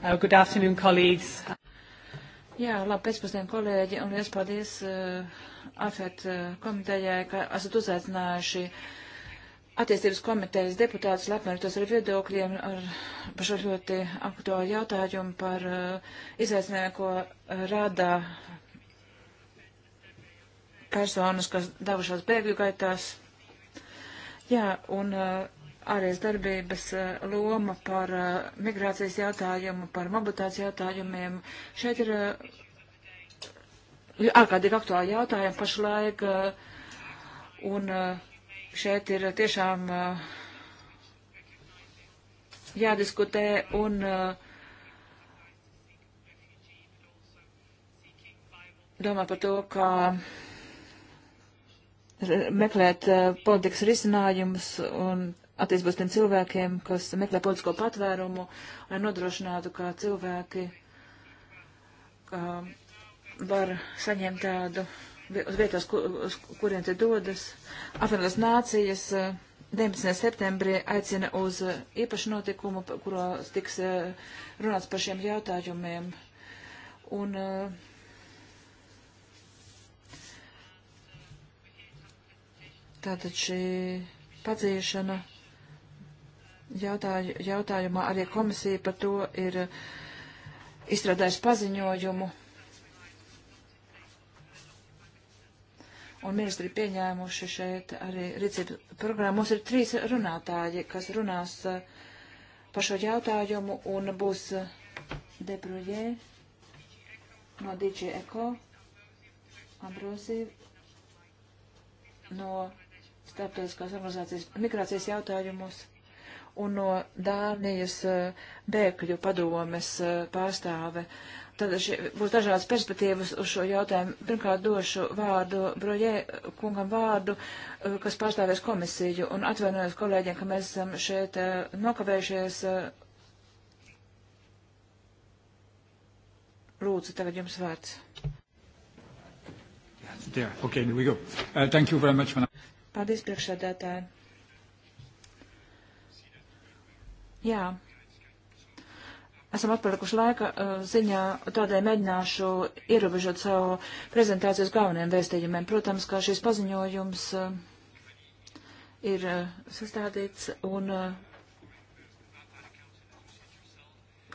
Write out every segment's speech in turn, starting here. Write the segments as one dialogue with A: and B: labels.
A: Uh, good afternoon, colleagues.
B: Jā, labi pēcpusdien, kolēģi, un liels paldies uh, AFET uh, komitejai, ka esat uzaicinājuši attiecības komitejas deputātus, lai apmērītos ar viedokļiem ar, par šo ļoti aktuālu jautājumu par uh, izaicinājumu, ko uh, rada personas, kas devušās bēgļu gaitās. Jā, un uh, ārējas darbības eh, loma par eh, migrācijas jautājumu, par mobilitātes jautājumiem. Šeit ir eh, ārkārtīgi aktuāli jautājumi pašlaik, un šeit ir tiešām jādiskutē un domā par to, kā meklēt politikas risinājumus un attiecībā uz tiem cilvēkiem, kas meklē politisko patvērumu, lai nodrošinātu, ka cilvēki ka um, var saņemt tādu uz vietās, kur, uz kuriem te dodas. Apvienotās nācijas 19. Uh, septembrī aicina uz uh, īpašu notikumu, kuros tiks uh, runāts par šiem jautājumiem. Un uh, tātad šī padzīšana jautāju, jautājumā arī komisija par to ir izstrādājusi paziņojumu. Un ministri pieņēmuši šeit arī rīcības programmu. Mums ir trīs runātāji, kas runās eh, par šo jautājumu un būs eh, Debrujē no DJ Eko, Ambrosī no starptautiskās organizācijas migrācijas jautājumus un no Dānijas eh, bēgļu padomes eh, pārstāve. Tad šie, būs dažādas perspektīvas uz šo jautājumu. Pirmkārt, došu vārdu Brojē kungam vārdu, eh, kas pārstāvēs komisiju, un atvainojos kolēģiem, ka mēs esam šeit nokavējušies. Lūdzu, tagad jums vārds.
C: There. Okay, there we go. Uh, thank you very much. Man.
B: Paldies, priekšsēdētāji. Jā. Esam atpalikuši laika uh, ziņā, tādēļ mēģināšu ierobežot savu prezentāciju uz galveniem vēstījumiem. Protams, ka šis paziņojums uh, ir uh, sastādīts un,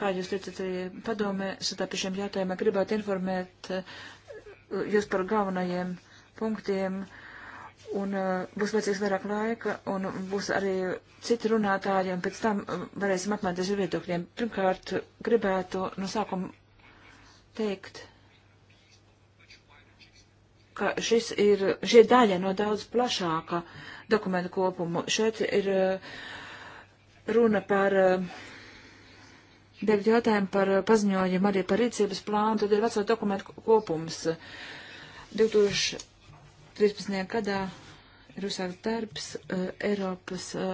B: kā jūs teicat, arī padomē, satā pie šiem jautājumiem gribētu informēt jūs par galvenajiem punktiem. Uh, un uh, būs vajadzīgs vairāk laika, un būs arī citi runātāji, un pēc tam uh, varēsim apmainīties ar viedokļiem. Pirmkārt, gribētu no sākuma teikt, ka šis ir, šī ir daļa no daudz plašāka dokumentu kopumu. Šeit ir uh, runa par. Uh, Dēļ jautājumu par uh, paziņojumu arī par rīcības plānu, tad ir veco dokumentu kopums. 2000, 13. gadā ir uzsākts darbs uh, Eiropas uh,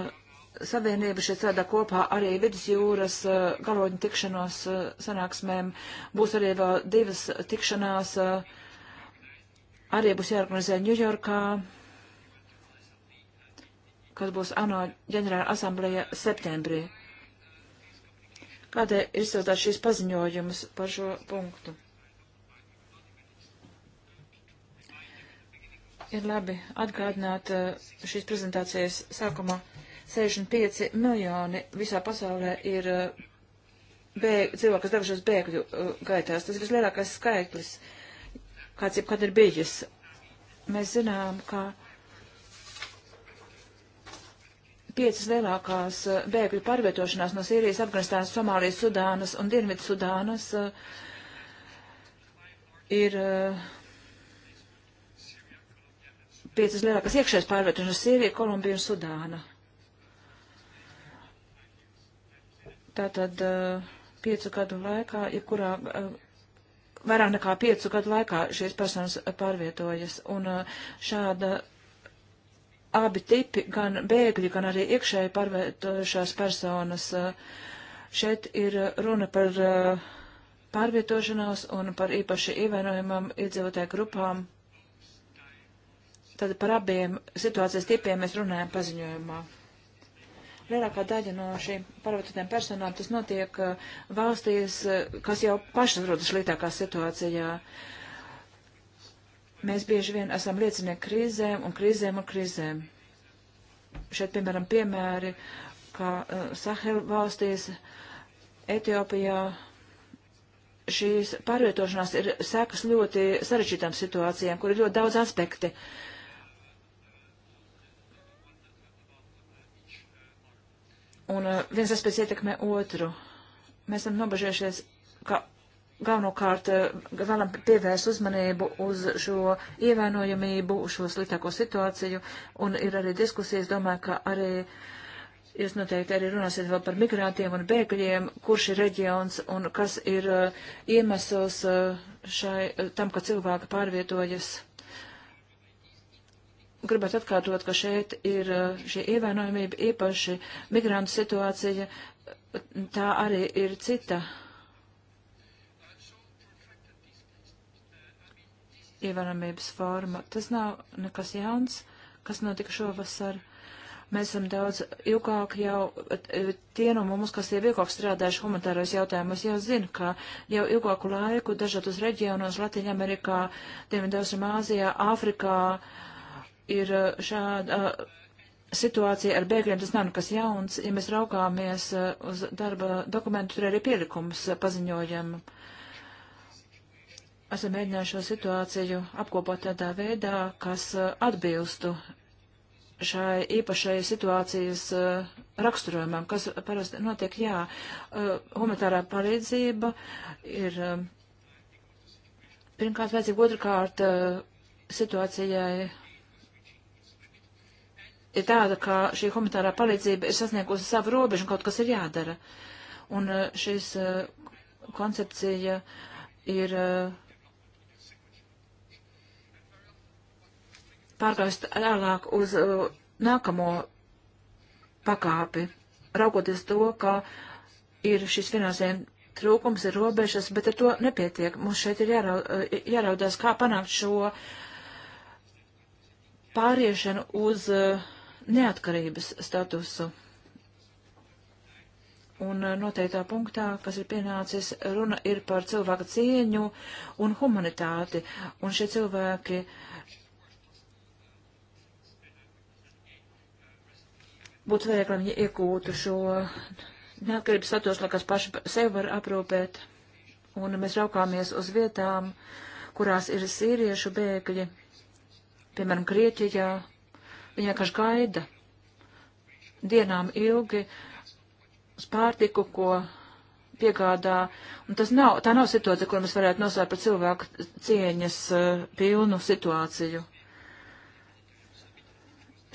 B: Savienība šeit strādā kopā arī vidusjūras uh, galoņu tikšanos uh, sanāksmēm. Būs arī vēl divas tikšanās. Uh, arī būs jāorganizē Ņujorkā, kas būs ANO ģenerāla asamblēja septembrī. Kādēļ ir izstrādāt šīs paziņojumus par šo punktu? ir labi atgādināt eh, šīs prezentācijas sākumā. 65 miljoni visā pasaulē ir eh, bēg, cilvēki, kas devušies bēgļu eh, gaitās. Tas ir vislielākais skaitlis, kāds jebkad ir bijis. Mēs zinām, ka piecas lielākās bēgļu pārvietošanās no Sīrijas, Afganistānas, Somālijas, Sudānas un Dienvidu Sudānas ir uh, piecas lielākās iekšējās pārvietošanas no Sīrija, Kolumbija un Sudāna. Tātad eh, piecu gadu laikā, jebkurā, eh, vairāk nekā piecu gadu laikā šīs personas pārvietojas. Un eh, šāda abi tipi, gan bēgļi, gan arī iekšēji pārvietojušās personas, šeit ir runa par pārvietošanos un par īpaši ievainojumam iedzīvotāju grupām Tad par abiem situācijas tipiem mēs runājam paziņojumā. Lielākā daļa no šīm pārvietotiem personām tas notiek uh, valstīs, uh, kas jau pašas rodas sliktākā situācijā. Mēs bieži vien esam liecinieki krīzēm un krīzēm un krīzēm. Šeit, piemēram, piemēri, kā uh, Sahel valstīs, Etiopijā, šīs pārvietošanās ir sekas ļoti sarežģītām situācijām, kur ir ļoti daudz aspekti. Uh, un eh, viens aspekts ietekmē otru. Mēs esam nobežējušies, ka galvenokārt eh, vēlam pievērst uzmanību uz šo ievainojamību, uz šo sliktāko situāciju, un ir arī diskusijas, domāju, ka arī jūs noteikti arī runāsiet vēl par migrantiem un bēgļiem, kurš ir reģions un kas ir eh, iemesls šai, tam, ka cilvēki pārvietojas gribētu atkārtot, ka šeit ir uh, šī ievainojamība, īpaši migrantu situācija, tā arī ir cita. Ievainojamības forma. Tas nav nekas jauns, kas notika šovasar. Mēs esam daudz ilgāk jau, tie no mums, kas ir ilgāk strādājuši humanitāros jautājumus, jau zina, ka jau ilgāku laiku dažādos reģionos, Latvijā, Amerikā, Dienvidosam, Āzijā, Āfrikā, uh, ir eh, šāda eh, situācija ar bēgļiem, tas nav nekas jauns. Ja mēs raugāmies eh, uz darba dokumentu, tur arī pielikums paziņojam. Esam mēģinājuši šo situāciju apkopot tādā veidā, kas atbilstu šai īpašai situācijas uh, raksturojumam, kas parasti notiek, jā, uh, humanitārā palīdzība ir uh, pirmkārt vajadzīga, otrkārt situācijai ir tāda, ka šī humanitārā palīdzība ir sasniegusi savu robežu un kaut kas ir jādara. Un uh, šis uh, koncepcija ir uh, pārgājusi tālāk uz uh, nākamo pakāpi, raugoties to, ka ir šis finansējums trūkums, ir robežas, bet ar to nepietiek. Mums šeit ir jārau, uh, jāraudās, kā panākt šo pāriešanu uz uh, neatkarības statusu. Un eh, noteiktā punktā, kas ir pienācis, runa ir par cilvēku cieņu un humanitāti. Un šie cilvēki būtu vajag, lai viņi iegūtu šo neatkarības status, lai kas paši sevi var aprūpēt. Un mēs raukāmies uz vietām, kurās ir sīriešu bēgļi, piemēram, Grieķijā, Viņi vienkārši gaida dienām ilgi uz pārtiku, ko piegādā. Un tas nav, tā nav situācija, kur mēs varētu nosaukt par cilvēku cieņas uh, pilnu situāciju.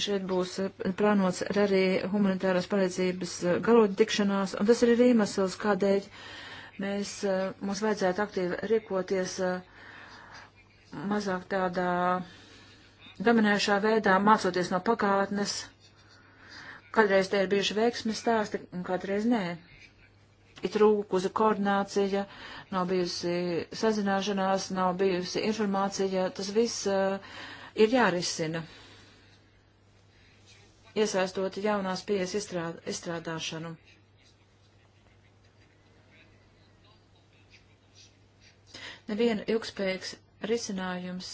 B: Šeit būs eh, plānots arī humanitāras palīdzības eh, galodi tikšanās, un tas ir arī iemesls, kādēļ mēs, uh, mums vajadzētu aktīvi rīkoties uh, mazāk tādā uh, dominējušā veidā mācoties no pagātnes. Kādreiz te ir bijuši veiksmi stāsti, un kādreiz nē. Ir trūkusi koordinācija, nav bijusi sazināšanās, nav bijusi informācija. Tas viss uh, ir jārisina. Iesaistot jaunās pieejas izstrād, izstrādāšanu. Neviena ilgspējīgs risinājums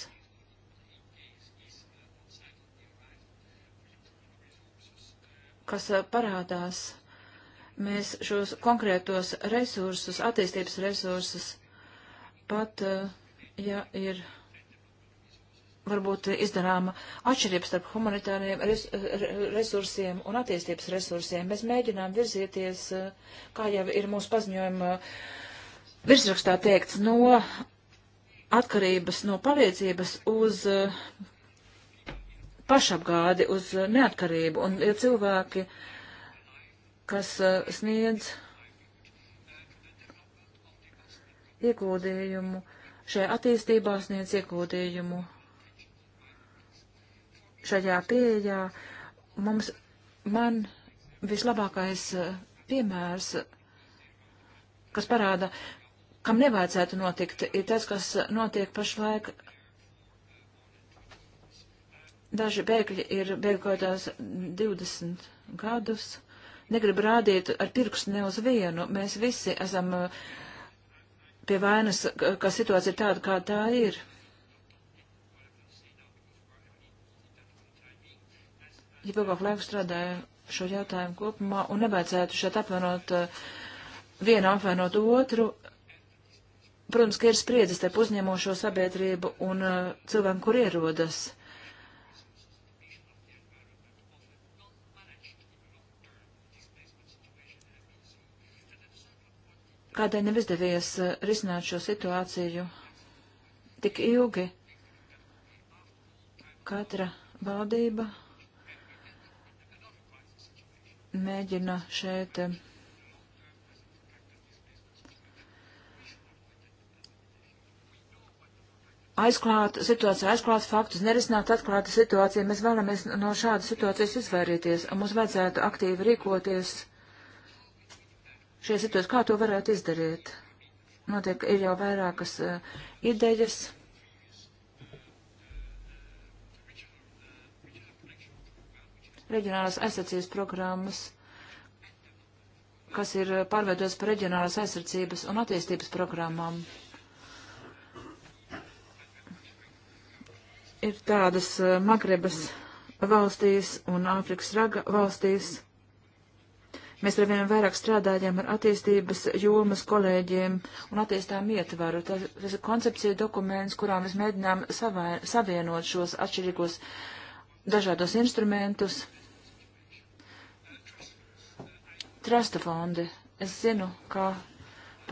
B: kas eh, parādās. Mēs šos konkrētos resursus, attīstības resursus, pat, eh, ja ir varbūt izdarāma atšķirība starp humanitāriem res, resursiem un attīstības resursiem. Mēs mēģinām virzīties, eh, kā jau ir mūsu paziņojuma virsrakstā teikts, no atkarības no palīdzības uz pašapgādi uz neatkarību, un ir cilvēki, kas eh, sniedz iegūdījumu, šajā attīstībā sniedz iegūdījumu. Šajā pieejā mums, man vislabākais eh, piemērs, kas parāda, kam nevajadzētu notikt, ir tas, kas notiek pašlaik Daži bēgļi ir bēgotās 20 gadus. Negrib rādīt ar pirkstu ne uz vienu. Mēs visi esam uh, pie vainas, ka situācija ir tāda, kā tā ir. Ja ilgāk laiku strādāju šo jautājumu kopumā un nevajadzētu šeit apvienot uh, vienu apvienot otru, protams, ka ir spriedzes starp uzņemošo sabiedrību un uh, cilvēku, kur ierodas kādai nav izdevies eh, risināt šo situāciju tik ilgi. Katra valdība mēģina šeit eh, aizklāt situāciju, aizklāt faktus, nerisināt atklātu situāciju. Mēs vēlamies no šādas situācijas izvairīties, un mums vajadzētu aktīvi rīkoties šajā situācijā, kā to varētu izdarīt. Notiek, ir jau vairākas uh, idejas. Reģionālās aizsardzības programmas, kas ir pārveidotas par reģionālās aizsardzības un attīstības programmām. Ir tādas eh, Magrebas valstīs un Āfrikas raga valstīs. Mm. Mēs ar vien vairāk strādājam ar attīstības jomas kolēģiem un attīstām ietvaru. Tas, tas ir koncepcija dokuments, kurā mēs mēģinām savai, savienot šos atšķirīgos dažādos instrumentus. Trasta fondi. Es zinu, ka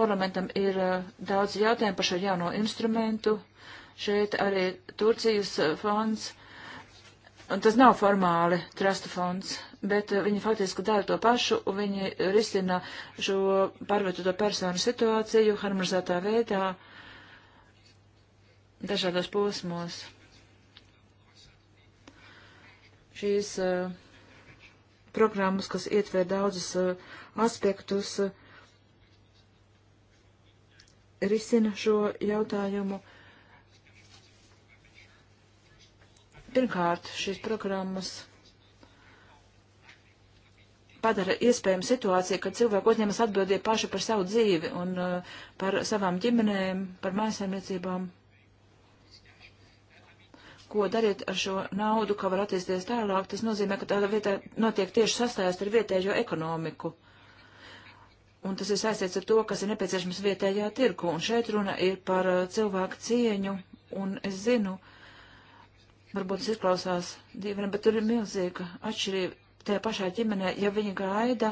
B: parlamentam ir uh, daudz jautājumu par šo jauno instrumentu. Šeit arī Turcijas uh, fonds. Uh, Un tas nav formāli trusta fonds, bet eh, viņi faktiski dara to pašu, un viņi risina šo pārvietoto personu situāciju harmonizētā veidā dažādos posmos. Šīs uh, programmas, kas ietver daudzus uh, eh, aspektus, uh, risina šo jautājumu Pirmkārt, šīs programmas padara iespējamu situāciju, kad cilvēki uzņemas atbildību paši par savu dzīvi un uh, par savām ģimenēm, par mājasemniecībām. Ko darīt ar šo naudu, kā var attīstīties tālāk, tas nozīmē, ka tāda vietā notiek tieši sastāst ar vietējo ekonomiku. Un tas ir saistīts ar to, kas ir nepieciešams vietējā tirku. Un šeit runa ir par uh, cilvēku cieņu. Un es zinu, uh, varbūt izklausās dīvaini, bet tur ir milzīga atšķirība. Tajā pašā ģimenē, ja viņi gaida,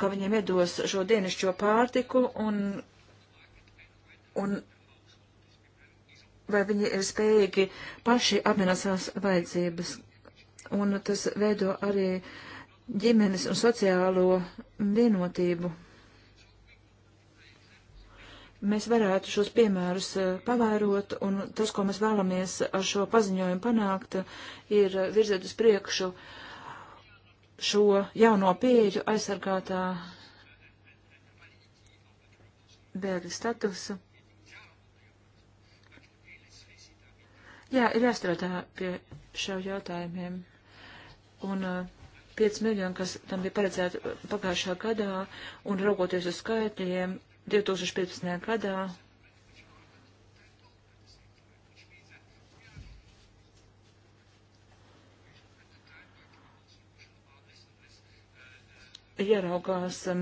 B: ka viņiem iedos šo dienišķo pārtiku un, un vai viņi ir spējīgi paši apmienāt savas vajadzības. Un tas veido arī ģimenes un sociālo vienotību mēs varētu šos piemērus eh, pavērot, un tas, ko mēs vēlamies ar šo paziņojumu panākt, ir virzēt uz priekšu šo jauno pieeju aizsargātā bēgļu statusu. Jā, ir jāstrādā pie šiem jautājumiem. Un uh, eh, 5 miljoni, kas tam bija paredzēta pagājušā gadā, un raugoties uz skaitļiem, 2015. gadā. Ieraugās, um,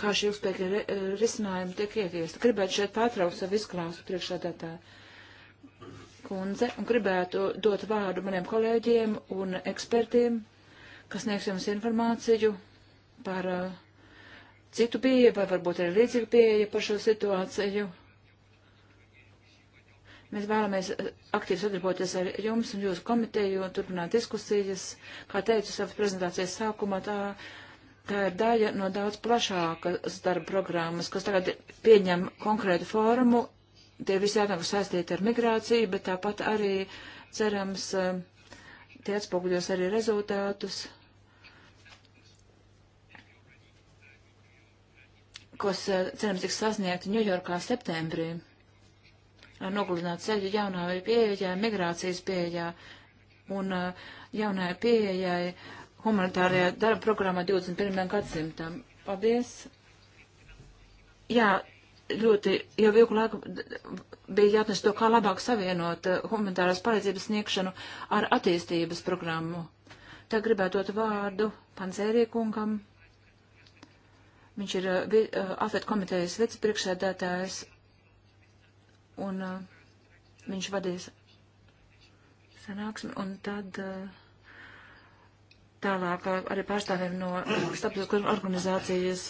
B: kā šī ilgspējīga eh, risinājuma tiek ieviesta. Gribētu šeit pārtraukt savu izklāstu priekšādātāju kundze un gribētu dot vārdu maniem kolēģiem un ekspertiem, kas sniegs jums informāciju par uh, citu pieeja, vai varbūt arī līdzīga pieeja par šo situāciju. Mēs vēlamies eh, aktīvi sadarboties ar jums un jūsu komiteju un turpināt diskusijas. Kā teicu savas prezentācijas sākumā, tā, tā ir daļa no daudz plašākas darba programmas, kas tagad pieņem konkrētu formu. Tie visi jautājumi saistīti ar migrāciju, bet tāpat arī cerams, eh, tie atspoguļos arī rezultātus kas, eh, cerams, tiks sasniegti Ņujorkā septembrī. Lai nogludinātu ceļu jaunai pieejai, migrācijas pieejai un eh, jaunai pieejai humanitārajā darba programmā 21. gadsimtam. Paldies! Jā, ļoti jau ilgu laiku bija jautājums to, kā labāk savienot eh, humanitārās palīdzības sniegšanu ar attīstības programmu. Tā gribētu dot vārdu Panzērī kungam. Viņš ir uh, uh, afet komitejas vicepriekšsēdētājs un uh, viņš vadīs sanāksmi un tad tālāk arī pārstāvjiem no starptautiskās organizācijas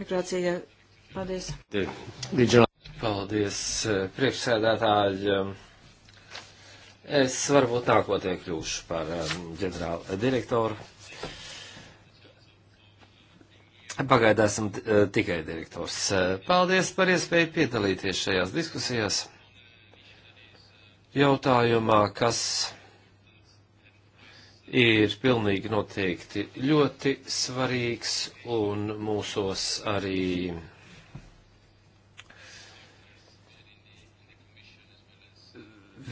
B: migrācija. Paldies.
C: Paldies, priekšsēdētāji. Um, es varbūt nākotnē kļūšu par um, ģenerālu direktoru. Pagaidām esam eh, tikai direktors. Eh, paldies par iespēju piedalīties šajās diskusijās. Jautājumā, kas ir pilnīgi noteikti ļoti svarīgs un mūsos arī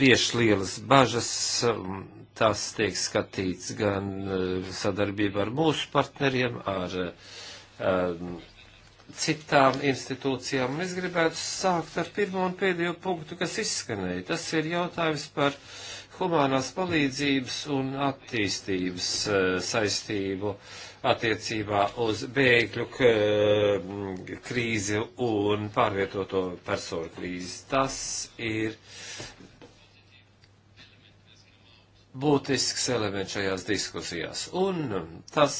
C: vieš lielas bažas. Um, tas tiek skatīts gan eh, sadarbībā ar mūsu partneriem, ar uh, um, citām institūcijām. Es gribētu sākt ar pirmo un pēdējo punktu, kas izskanēja. Tas ir jautājums par humanās palīdzības un attīstības uh, saistību attiecībā uz bēgļu um, krīzi un pārvietoto personu krīzi. Tas ir būtisks elements šajās diskusijās. Un tas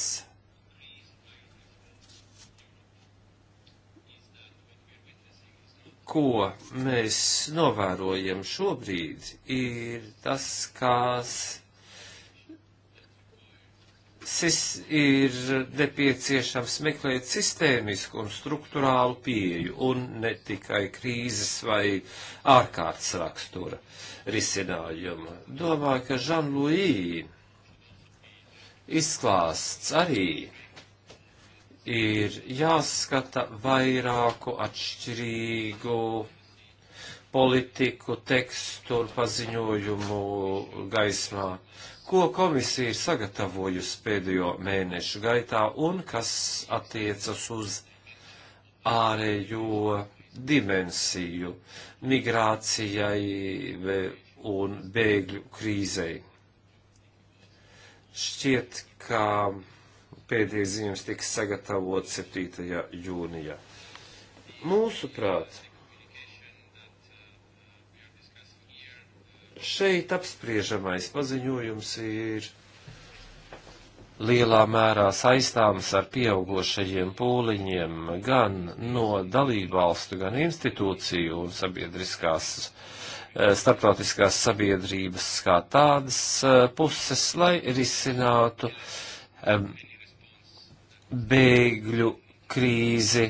C: ko mēs novērojam šobrīd, ir tas, kas sis ir nepieciešams meklēt sistēmisku un struktūrālu pieju un ne tikai krīzes vai ārkārtas rakstura risinājumu. Domāju, ka Žanluī izklāsts arī ir jāskata vairāku atšķirīgu politiku, tekstu un paziņojumu gaismā, ko komisija ir sagatavojusi pēdējo mēnešu gaitā un kas attiecas uz ārējo dimensiju migrācijai un bēgļu krīzei. Šķiet, ka Pēdējais ziņojums tiks sagatavots 7. jūnijā. Mūsuprāt, šeit apspriežamais paziņojums ir lielā mērā saistāms ar pieaugošajiem pūliņiem gan no dalībvalstu, gan institūciju un sabiedriskās e, starptautiskās sabiedrības kā tādas e, puses, lai risinātu um, bēgļu krīzi,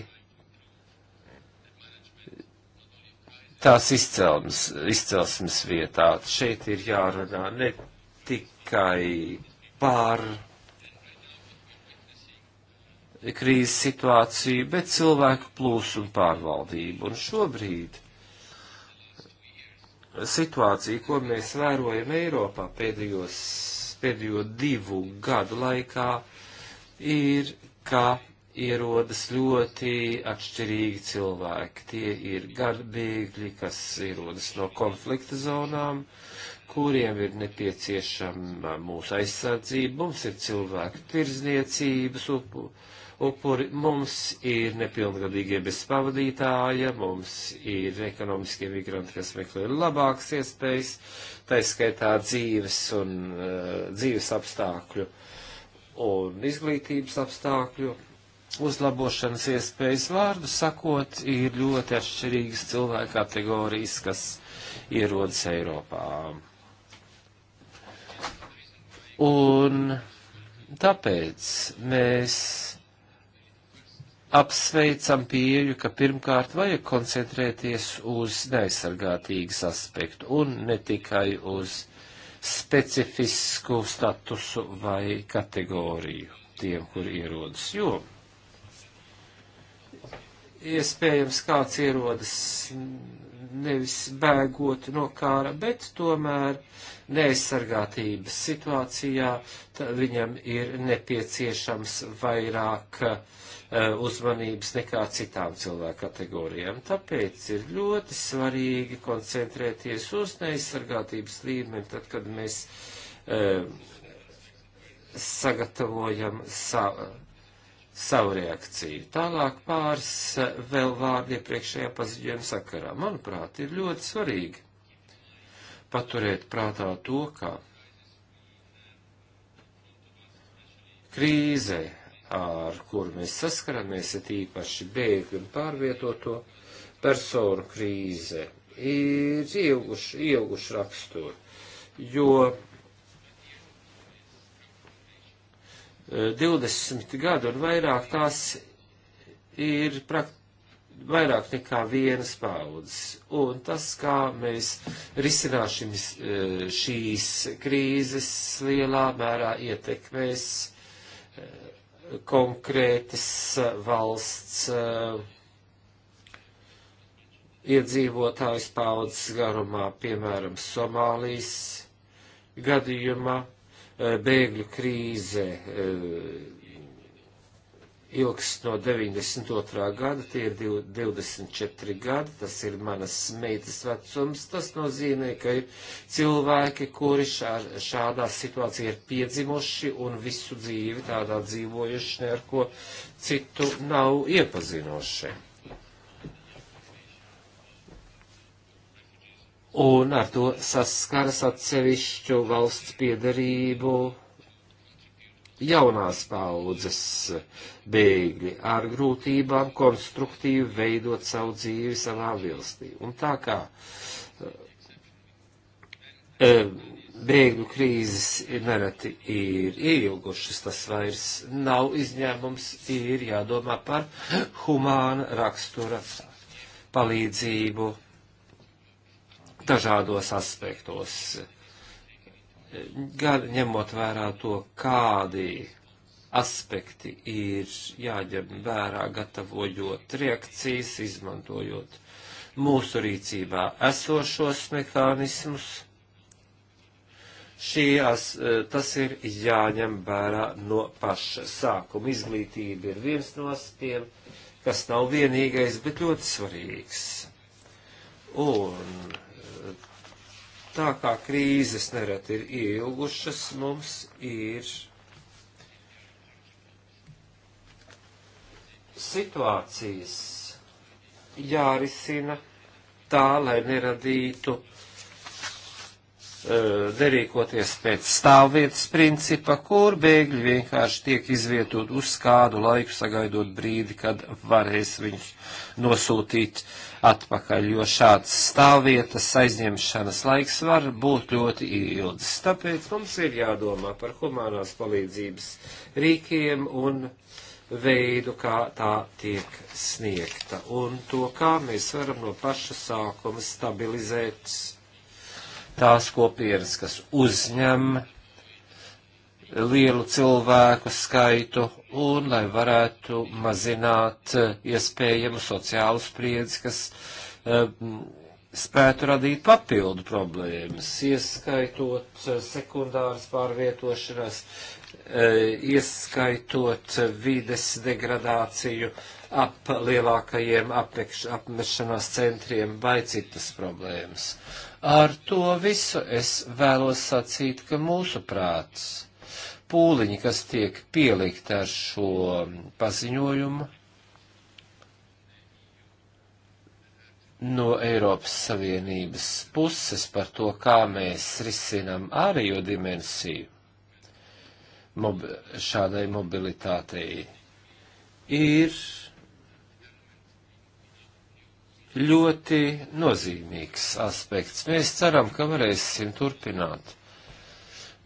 C: tās izcelmes, izcelsmes vietā. Šeit ir jārunā ne tikai par krīzes situāciju, bet cilvēku plūsmu pārvaldību. Un šobrīd situācija, ko mēs vērojam Eiropā pēdējos, pēdējo divu gadu laikā, ir ka ierodas ļoti atšķirīgi cilvēki. Tie ir garbīgļi, kas ierodas no konflikta zonām, kuriem ir nepieciešama mūsu aizsardzība. Mums ir cilvēku tirzniecības upu, upuri, mums ir nepilngadīgie bez pavadītāja, mums ir ekonomiskie migranti, kas meklē labākas iespējas, taiskaitā dzīves un uh, dzīves apstākļu uh, un izglītības apstākļu uzlabošanas iespējas vārdu sakot, ir ļoti atšķirīgas cilvēku kategorijas, kas ierodas Eiropā. Un tāpēc mēs apsveicam pieju, ka pirmkārt vajag koncentrēties uz neaizsargātīgas aspektu un ne tikai uz uh, specifisku statusu vai kategoriju tiem, kur ierodas. Jo iespējams kāds ierodas nevis bēgot no kāra, bet tomēr neaizsargātības situācijā viņam ir nepieciešams vairāk uh, E, uzmanības nekā citām cilvēku kategorijām. Tāpēc ir ļoti svarīgi koncentrēties uz neizsargātības līmeni, tad, kad mēs eh, sagatavojam savu, savu reakciju. Tālāk pāris e, vēl vārdi iepriekšējā paziņojuma sakarā. Manuprāt, ir ļoti svarīgi paturēt prātā to, ka krīzē ar kuru mēs saskaramies, ir īpaši bēgļu un pārvietoto personu krīze, ir ilguši, ilguši raksturu, jo 20 eh, gadu un vairāk tās ir praktiski vairāk nekā vienas paudzes. Un tas, kā mēs risināsim eh, šīs krīzes, lielā mērā ietekmēs eh, konkrētas eh, valsts eh, iedzīvotājs paudzes garumā, piemēram, Somālijas gadījumā, eh, bēgļu krīze ilgs no 92. gada, tie ir 24 gadi, tas ir manas meitas vecums. Tas nozīmē, ka ir cilvēki, kuri šā, šādā situācijā ir piedzimuši un visu dzīvi tādā dzīvojuši, ne ar ko citu nav iepazinoši. Un ar to saskaras atsevišķu valsts piedarību jaunās paudzes bēgļi ar grūtībām konstruktīvi veidot savu dzīvi savā vilstī. Un tā kā eh, bēgļu krīzes nereti ir ieilgušas, tas vairs nav izņēmums, ir jādomā par humāna rakstura palīdzību dažādos aspektos gan ņemot vērā to, kādi aspekti ir jāņem vērā, gatavojot reakcijas, izmantojot mūsu rīcībā esošos mehānismus. Šīs, e, tas ir jāņem vērā no paša sākuma. Izglītība ir viens no aspektiem, kas nav vienīgais, bet ļoti svarīgs. Un Tā kā krīzes nerad ir ilgušas, mums ir situācijas jārisina tā, lai neradītu derīkoties eh, pēc stāvvietas principa, kur bēgļi vienkārši tiek izvietot uz kādu laiku, sagaidot brīdi, kad varēs viņus nosūtīt uh, atpakaļ, jo šāds stāvvietas aizņemšanas laiks var būt ļoti ilgs. Tāpēc mums ir jādomā par humanās palīdzības rīkiem un veidu, kā tā tiek sniegta, un to, kā mēs varam no paša sākuma stabilizēt tās kopienas, kas uzņem lielu cilvēku skaitu un lai varētu mazināt eh, iespējamu sociālu spriedzi, kas um, spētu radīt papildu problēmas, ieskaitot eh, sekundāras pārvietošanās, ieskaitot vides degradāciju ap lielākajiem apmekš, apmešanās centriem vai citas problēmas. Ar to visu es vēlos sacīt, ka mūsu prāts pūliņi, kas tiek pielikt ar šo paziņojumu no Eiropas Savienības puses par to, kā mēs risinam ārējo dimensiju mob šādai mobilitātei, ir ļoti nozīmīgs aspekts. Mēs ceram, ka varēsim turpināt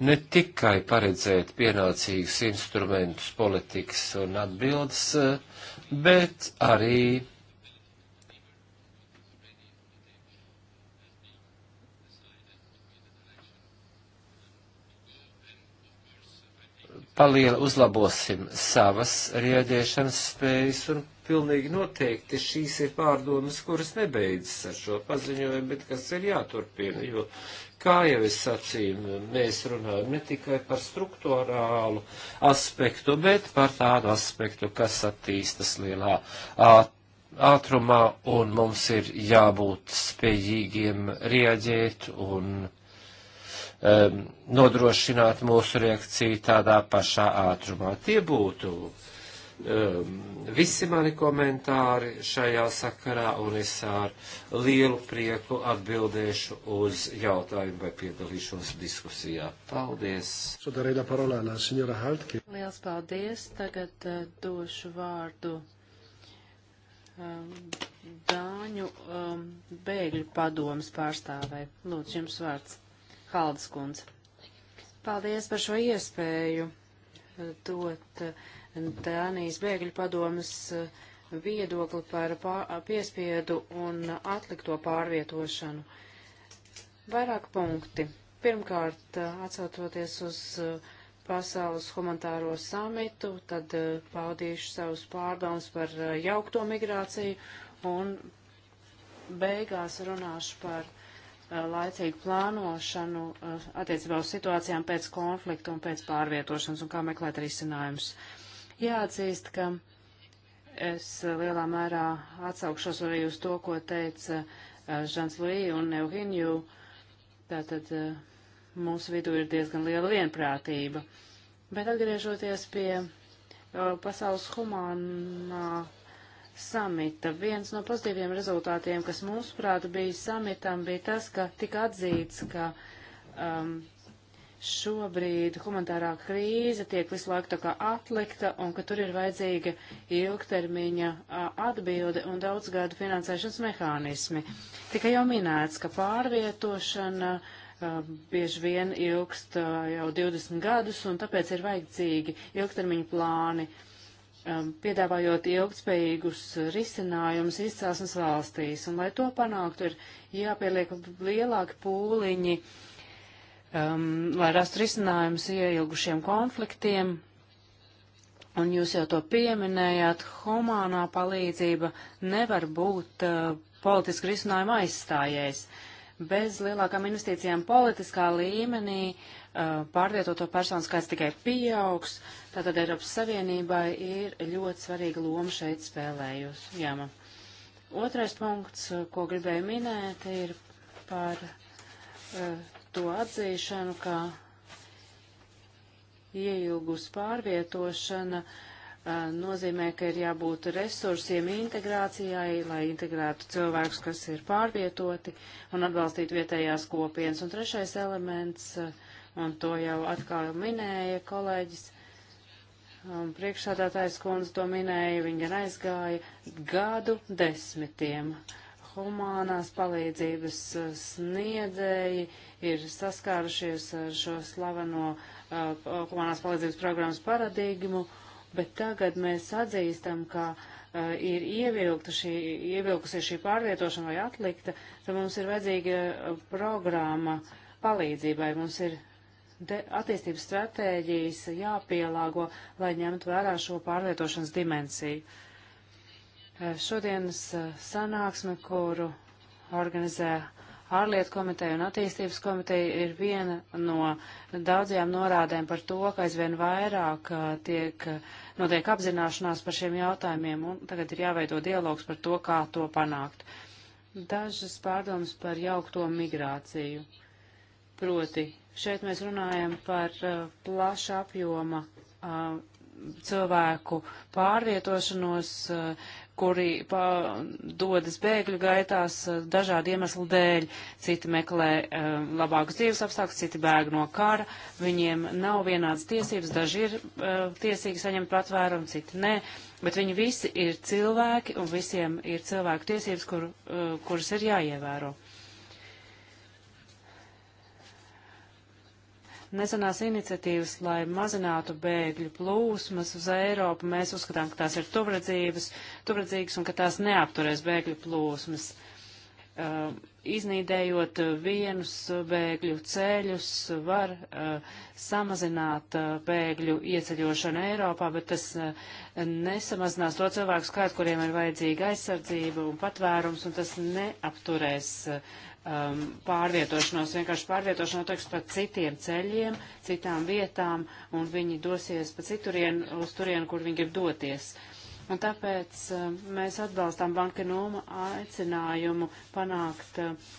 C: ne tikai paredzēt pienācīgus instrumentus politikas un atbildes, eh, bet arī paliela uzlabosim savas rieģēšanas spējas un pilnīgi noteikti šīs ir pārdomas, kuras nebeidzas ar šo paziņojumu, bet kas ir jāturpina, jo Kā jau es sacīju, mēs runājam ne tikai par struktūrālu aspektu, bet par tādu aspektu, kas attīstas lielā ātrumā, un mums ir jābūt spējīgiem rieģēt un um, nodrošināt mūsu reakciju tādā pašā ātrumā. Tie būtu uh, Um, visi mani komentāri šajā sakarā, un es ar lielu prieku atbildēšu uz jautājumu vai piedalīšos diskusijā. Paldies!
A: Liels paldies! Tagad uh, došu vārdu um, Dāņu um, bēgļu padomas pārstāvē. Lūdzu, jums vārds Haldas kundze. Paldies par šo iespēju uh, dot uh, Dānijas bēgļu padomas eh, viedokli par piespiedu un atlikto pārvietošanu. Vairāk punkti. Pirmkārt, eh, atsaucoties uz eh, pasaules humanitāro samitu, tad paudīšu savus pārdomus par jaukto migrāciju un beigās runāšu par laicīgu plānošanu attiecībā uz situācijām pēc konflikta un pēc pārvietošanas un kā meklēt risinājumus. Uh, Jāatzīst, ka es lielā mērā atsaukšos arī uz to, ko teica Žans eh, Lī un Euhinju. Tātad eh, mūsu vidū ir diezgan liela vienprātība. Bet atgriežoties pie eh, pasaules humānā samita. Viens no pozitīviem rezultātiem, kas mūsuprāt bija samitam, bija tas, ka tika atzīts, ka um, šobrīd humanitārā krīze tiek visu laiku tā kā atlikta un ka tur ir vajadzīga ilgtermiņa atbilde un daudz gadu finansēšanas mehānismi. Tikai jau minēts, ka pārvietošana a, bieži vien ilgst a, jau 20 gadus un tāpēc ir vajadzīgi ilgtermiņa plāni, a, piedāvājot ilgtspējīgus risinājumus izcelsmes valstīs. Un, lai to panāktu, ir jāpieliek lielāki pūliņi uh, um, lai rastu risinājumus ieilgušiem konfliktiem. Un jūs jau to pieminējāt, humānā palīdzība nevar būt uh, politiski risinājuma aizstājējs. Bez lielākām investīcijām politiskā līmenī uh, pārvietoto personu skaits tikai pieaugs, tātad Eiropas Savienībai ir ļoti svarīga loma šeit spēlējusi. Jāma. Otrais punkts, uh, ko gribēju minēt, ir par uh, to atzīšanu, ka ieilgus pārvietošana nozīmē, ka ir jābūt resursiem integrācijai, lai integrētu cilvēkus, kas ir pārvietoti un atbalstītu vietējās kopienas. Un trešais elements, un to jau atkal minēja kolēģis, priekšsādātājs kundze to minēja, viņa aizgāja gadu desmitiem humānās palīdzības uh, sniedzēji ir saskārušies ar šo slaveno uh, humānās palīdzības programmas paradigmu, bet tagad mēs atzīstam, ka uh, ir ievilkta šī, ievilkusi šī pārvietošana vai atlikta, tad mums ir vajadzīga uh, programma palīdzībai, mums ir attīstības stratēģijas jāpielāgo, lai ņemtu vērā šo pārvietošanas dimensiju. Uh, Eh, šodienas eh, sanāksme, kuru organizē ārlietu komiteja un attīstības komiteja, ir viena no daudzajām norādēm par to, ka aizvien vairāk eh, tiek notiek apzināšanās par šiem jautājumiem, un tagad ir jāveido dialogs par to, kā to panākt. Dažas pārdomas par jaukto migrāciju. Proti, šeit mēs runājam par uh, plaša apjoma uh, cilvēku pārvietošanos, eh, kuri dodas bēgļu gaitās eh, dažādu iemeslu dēļ. Citi meklē eh, labākus dzīves apstākļus, citi bēg no kara. Viņiem nav vienādas tiesības, daži ir tiesīgi saņemt patvērumu, citi nē. Bet viņi visi ir cilvēki un visiem ir cilvēku tiesības, kur, kuras ir jāievēro. nesenās iniciatīvas, lai mazinātu bēgļu plūsmas uz Eiropu. Mēs uzskatām, ka tās ir tuvredzīgas un ka tās neapturēs bēgļu plūsmas. Uh, iznīdējot vienus bēgļu ceļus, var uh, samazināt uh, bēgļu ieceļošanu Eiropā, bet tas uh, nesamazinās to cilvēku skaitu, kuriem ir vajadzīga aizsardzība un patvērums, un tas neapturēs uh, um, pārvietošanos, vienkārši pārvietošanos teiks pa citiem ceļiem, citām vietām, un viņi dosies pa citurien, uz turien, kur viņi grib doties. Un tāpēc um, mēs atbalstām Banka Nūma aicinājumu panākt uh,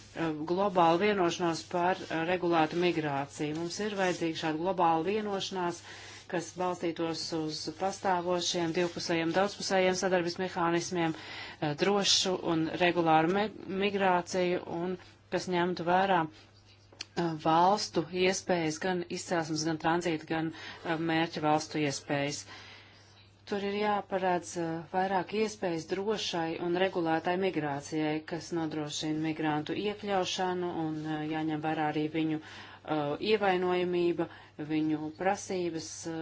A: globālu vienošanos par uh, regulētu migrāciju. Mums ir vajadzīga šāda globāla vienošanās, uh, kas balstītos uz pastāvošiem divpusējiem, daudzpusējiem sadarbības mehānismiem, eh, drošu un regulāru migrāciju un kas ņemtu vērā eh, valstu iespējas, gan izcelsmes, gan tranzīta, gan eh, mērķa valstu iespējas. Tur ir jāparādz vairāk iespējas drošai un regulētai migrācijai, kas nodrošina migrantu iekļaušanu un jāņem vērā arī viņu uh, uh, ievainojamība, viņu prasības uh,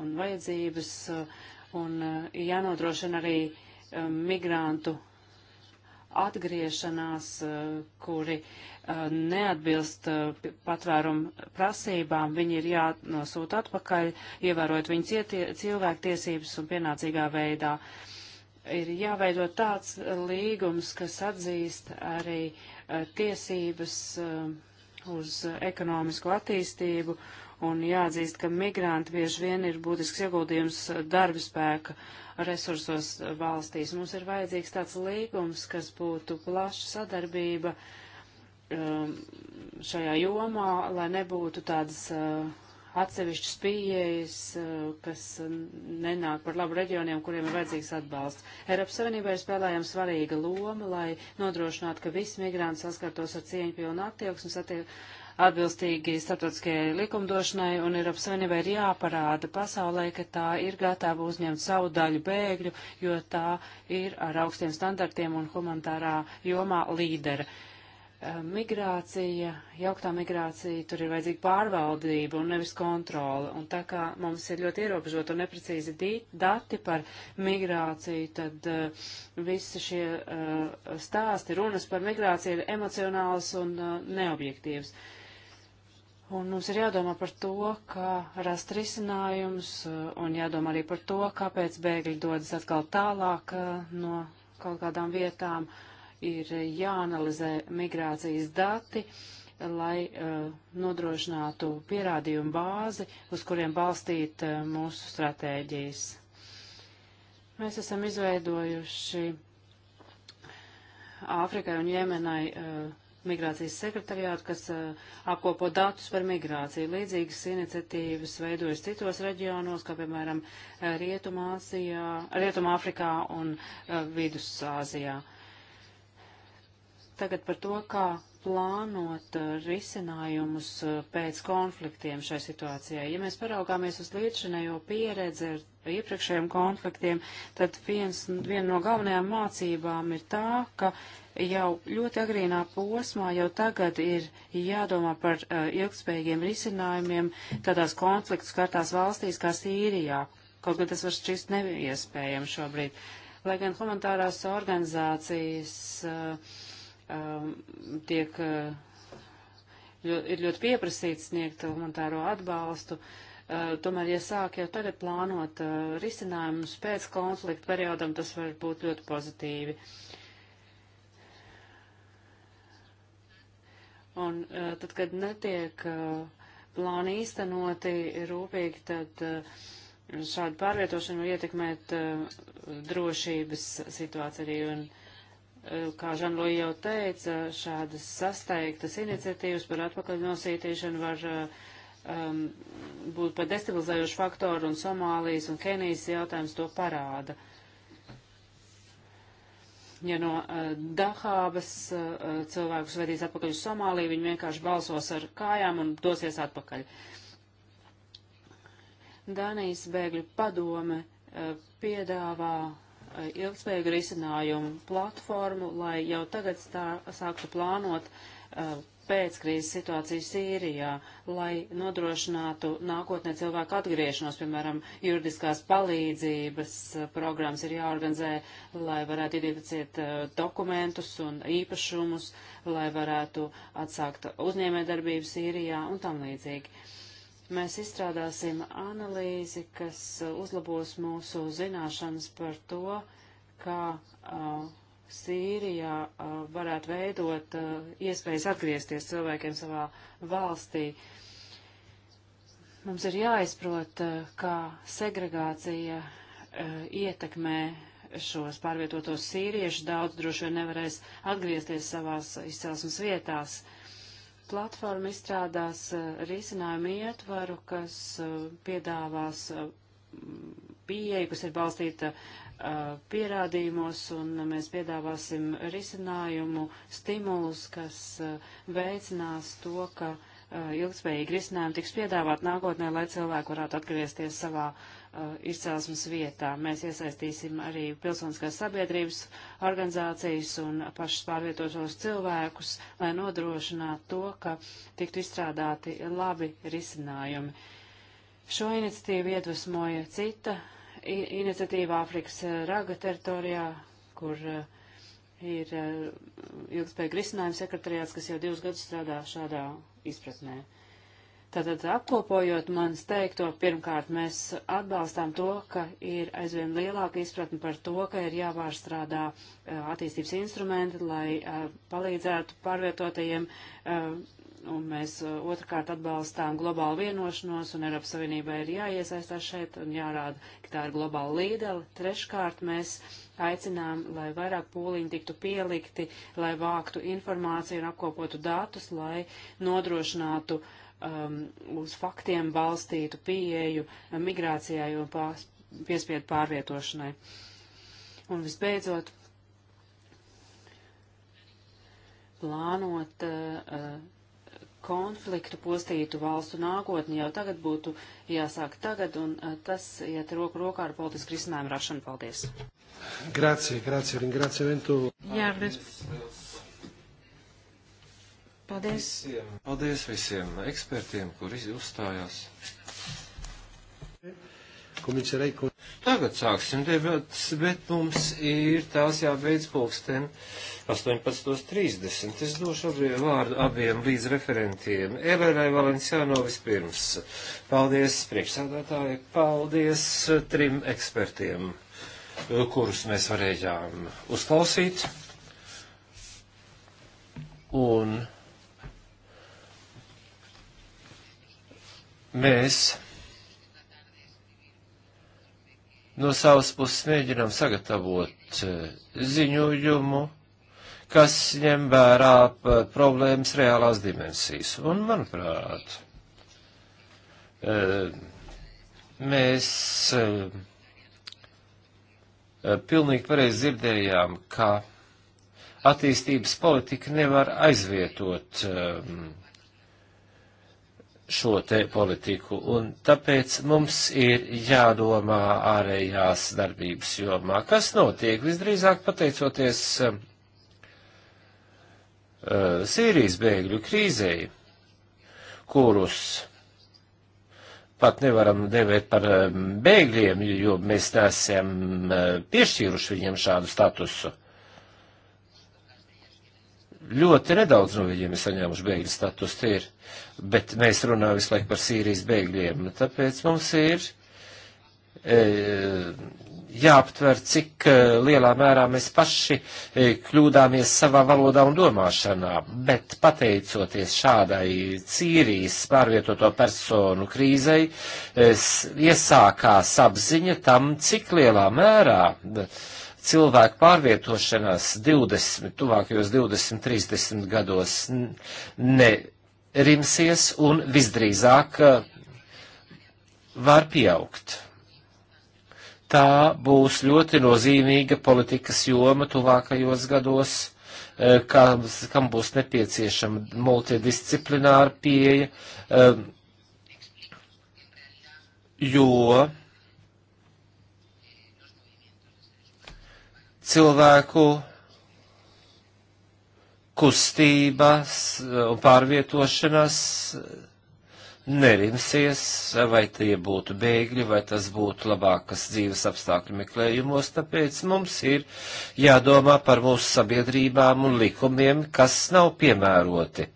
A: un vajadzības, uh, un uh, jānodrošina arī uh, migrantu atgriešanās, uh, kuri uh, neatbilst uh, patvērumu prasībām, viņi ir jānosūta atpakaļ, ievērojot viņu cilvēktiesības un pienācīgā veidā. Ir jāveido tāds līgums, kas atzīst arī tiesības uz uh, ekonomisko attīstību, un jāatzīst, ka migranti bieži vien ir būtisks ieguldījums uh, darba spēka resursos uh, valstīs. Mums ir vajadzīgs tāds līgums, kas būtu plaša sadarbība um, šajā jomā, lai nebūtu tādas atsevišķas pieejas, eh, kas nenāk par labu reģioniem, kuriem ir vajadzīgs atbalsts. Eiropas Savienībai ir spēlējama svarīga loma, lai nodrošinātu, ka visi migranti saskartos ar cieņu pilnu attieksmi, attie atbilstīgi starptautiskajai likumdošanai, un Eiropas Savienībai ir jāparāda pasaulē, ka tā ir gatava uzņemt savu daļu bēgļu, jo tā ir ar augstiem standartiem un humanitārā jomā līdera. Uh, Eh, migrācija, jauktā migrācija, tur ir vajadzīga pārvaldība un nevis kontrola. Un tā kā mums ir ļoti ierobežot un neprecīzi dati par migrāciju, tad uh, visi šie uh, stāsti, runas par migrāciju ir emocionāls un uh, neobjektīvs. Un mums ir jādomā par to, kā rast risinājums, un jādomā arī par to, kāpēc bēgļi dodas atkal tālāk no kaut kādām vietām. Uh, ir jāanalizē migrācijas dati, lai uh, nodrošinātu pierādījumu bāzi, uz kuriem balstīt uh, mūsu stratēģijas. Mēs esam izveidojuši Āfrikai un Jemenai uh, migrācijas sekretariātu, kas uh, apkopo datus par migrāciju. Līdzīgas iniciatīvas veidojas citos reģionos, kā piemēram Rietumāfrikā Rietum un uh, Vidusāzijā. Uh, tagad par to, kā plānot uh, risinājumus uh, pēc konfliktiem šai situācijai. Ja mēs paraugāmies uz līdzinējo pieredzi ar iepriekšējiem konfliktiem, tad viens, viena no galvenajām mācībām ir tā, ka jau ļoti agrīnā posmā jau tagad ir jādomā par uh, ilgspējīgiem risinājumiem tādās konfliktu skartās valstīs kā Sīrijā. Kaut gan tas var šķist neiespējami šobrīd. Lai gan humanitārās organizācijas uh, um, tiek, uh, ļo, ir ļoti pieprasīts sniegt humanitāro atbalstu. Uh, tomēr, ja sāk jau tagad plānot uh, risinājumus pēc konflikta periodam, tas var būt ļoti pozitīvi. Un uh, tad, kad netiek uh, plāni īstenoti rūpīgi, tad uh, šādu pārvietošanu ietekmēt drošības situāciju arī. Un, Eh, kā Žanloja jau teica, šādas sasteigtas iniciatīvas par atpakaļnosītīšanu var eh, um, būt par destabilizējošu faktoru, un Somālijas un Kenijas jautājums to parāda. Ja no uh, eh, Dahābas uh, cilvēkus vedīs atpakaļ uz Somāliju, viņi vienkārši balsos ar kājām un dosies atpakaļ. Danijas bēgļu padome uh, piedāvā Uh, ilgspējīgu risinājumu platformu, lai jau tagad stā, sāktu plānot uh, pēckrīzes situāciju Sīrijā, lai nodrošinātu nākotnē cilvēku atgriešanos, piemēram, juridiskās palīdzības uh, programmas ir jāorganizē, lai varētu identificēt uh, dokumentus un īpašumus, lai varētu atsākt uzņēmējdarbību Sīrijā un tam līdzīgi. Uh, Mēs izstrādāsim analīzi, kas uh, uzlabos mūsu zināšanas par to, kā uh, Sīrijā uh, varētu veidot uh, iespējas atgriezties cilvēkiem savā valstī. Mums ir jāizprot, uh, kā segregācija uh, ietekmē šos pārvietotos sīriešus. Daudz droši vien nevarēs atgriezties savās izcelsmes vietās. Uh, platforma izstrādās eh, risinājumu ietvaru, kas eh, piedāvās eh, pieeja, kas ir balstīta pierādījumos, un mēs piedāvāsim risinājumu stimulus, kas veicinās to, ka ilgspējīgi risinājumi tiks piedāvāt nākotnē, lai cilvēki varētu atgriezties savā uh, Eh, izcelsmes vietā. Mēs iesaistīsim arī pilsoniskās sabiedrības organizācijas un pašas pārvietotos cilvēkus, lai nodrošinātu to, ka tiktu izstrādāti labi risinājumi. Šo iniciatīvu iedvesmoja cita iniciatīva Āfrikas eh, raga teritorijā, kur eh, ir ilgspējīgi risinājums sekretariāts, kas jau divus gadus strādā šādā izpratnē. Tātad apkopojot manis teikto, pirmkārt, mēs atbalstām to, ka ir aizvien lielāka izpratne par to, ka ir jāvārstrādā eh, attīstības instrumenti, lai eh, palīdzētu pārvietotajiem. Eh, un mēs otrkārt atbalstām globālu vienošanos, un Eiropas Savienībai ir jāiesaistās šeit un jārāda, ka tā ir globāla līdela. Treškārt, mēs aicinām, lai vairāk pūliņi tiktu pielikti, lai vāktu informāciju un apkopotu datus, lai nodrošinātu uh, um, uz faktiem balstītu pieeju migrācijai un pās, piespiedu pārvietošanai. Un visbeidzot, plānot uh, konfliktu postītu valstu nākotni jau tagad būtu jāsāk tagad, un uh, tas iet roku rokā ar politisku risinājumu rašanu. Paldies!
C: Grācija, grācija, ringrācija, ventu. Jā,
A: paldies.
B: Paldies. Visiem,
C: paldies visiem ekspertiem, kuri uzstājās. Tagad sāksim debats, bet mums ir tās jābeidz pulksten 18.30. Es došu abie, vārdu abiem līdz referentiem. Elenai Valenciāno vispirms. Paldies priekšsādātāji, paldies trim ekspertiem, kurus mēs varējām uzklausīt. Un mēs no savas puses mēģinām sagatavot eh, ziņojumu, kas ņem vērā eh, problēmas reālās dimensijas. Un, manuprāt, eh, mēs pilnīgi pareizi dzirdējām, ka attīstības politika nevar aizvietot um, šo te politiku, un tāpēc mums ir jādomā ārējās darbības jomā, kas notiek visdrīzāk pateicoties um, uh, Sīrijas bēgļu krīzei, kurus pat nevaram devēt par um, bēgļiem, jo mēs neesam uh, piešķīruši viņiem šādu statusu. Uh, Ļoti nedaudz no viņiem ir saņēmuši bēgļu status, tie ir, bet mēs runājam visu laiku par Sīrijas bēgļiem, tāpēc mums ir e, jāaptver, cik e, lielā mērā mēs paši e, kļūdāmies savā valodā un domāšanā, bet pateicoties šādai cīrijas pārvietoto personu krīzei, iesākās apziņa tam, cik lielā mērā. Bet, cilvēku pārvietošanās 20, tuvākajos 20, 30 gados nerimsies un visdrīzāk eh, var pieaugt. Tā būs ļoti nozīmīga politikas joma tuvākajos gados, eh, kam, kam būs nepieciešama multidisciplināra pieeja, eh, jo cilvēku kustības un pārvietošanās nerimsies, vai tie būtu bēgļi, vai tas būtu labākas dzīves apstākļu meklējumos, tāpēc mums ir jādomā par mūsu sabiedrībām un likumiem, kas nav piemēroti e,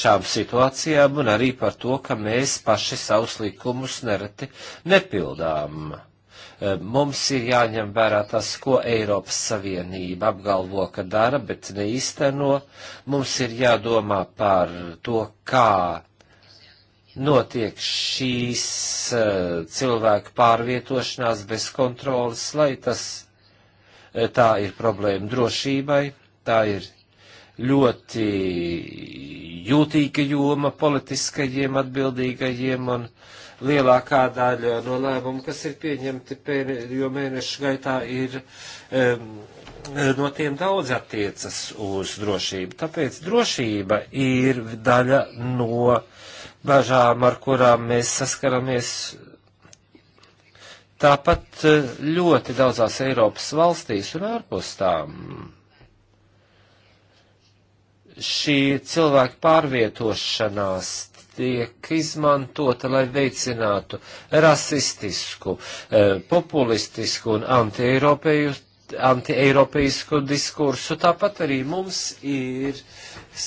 C: šām situācijām, un arī par to, ka mēs paši savus likumus nereti nepildām. Mums ir jāņem vērā tas, ko Eiropas Savienība apgalvo, ka dara, bet neizteno. Mums ir jādomā par to, kā notiek šīs eh, cilvēku pārvietošanās bez kontrolas, lai tas eh, tā ir problēma drošībai, tā ir ļoti jūtīga joma politiskajiem atbildīgajiem un uh, lielākā daļa no lēmumu, kas ir pieņemti pēdējo mēnešu gaitā, ir um, no tiem daudz attiecas uz drošību. Tāpēc drošība ir daļa no bažām, ar kurām mēs saskaramies. Tāpat eh, ļoti daudzās Eiropas valstīs un ārpus tām šī cilvēka pārvietošanās tiek izmantota, lai veicinātu rasistisku, eh, populistisku un antieiropeisku diskursu. Tāpat arī mums ir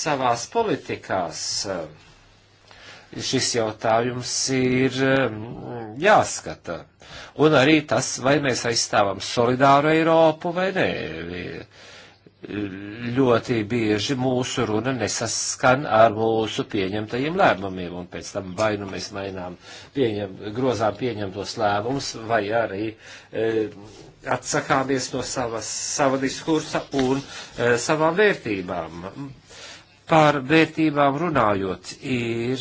C: savās politikās eh, šis jautājums ir mm, jāskata. Un arī tas, vai mēs aizstāvam solidāru Eiropu vai nē ļoti bieži mūsu runa nesaskan ar mūsu pieņemtajiem lēmumiem, un pēc tam vai nu mēs mainām, pieņem, grozām pieņemtos lēmumus, vai arī e, atsakāmies no savas, sava diskursa un e, savām vērtībām. Par vērtībām runājot, ir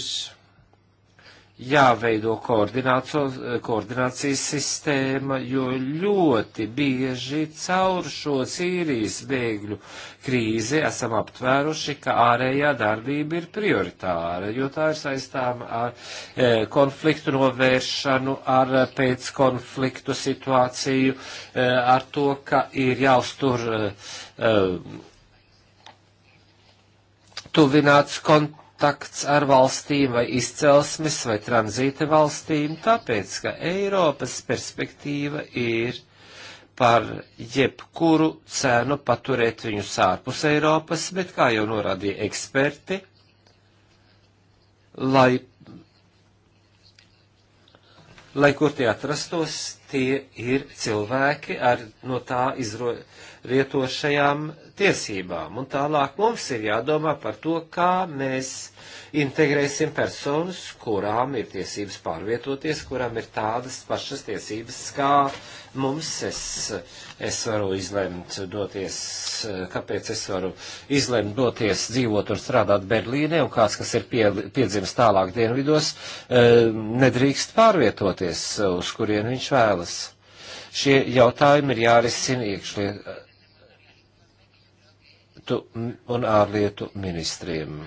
C: jāveido koordinācijas sistēma, jo ļoti bieži caur šo Sīrijas bēgļu krīzi esam aptvēruši, ka ārējā darbība ir prioritāra, jo tā ir saistāma ar e, konfliktu novēršanu, ar e, pēckonfliktu situāciju, e, ar to, ka ir jāuztur e, e tuvināts kontakts kontakts ar valstīm vai izcelsmes vai tranzīta valstīm, tāpēc, ka Eiropas perspektīva ir par jebkuru cenu paturēt viņus ārpus Eiropas, bet, kā jau norādīja eksperti, lai, lai kur tie atrastos, tie ir cilvēki ar no tā izrietošajām tiesībām. Un tālāk mums ir jādomā par to, kā mēs integrēsim personas, kurām ir tiesības pārvietoties, kurām ir tādas pašas tiesības kā mums. Es, es varu izlemt doties, kāpēc es varu izlemt doties dzīvot un strādāt Berlīnē, un kāds, kas ir pie, piedzimis tālāk dienvidos, eh, nedrīkst pārvietoties, uz kurien viņš vēlas ielas. Šie jautājumi ir jārisina iekšlietu un ārlietu ministriem.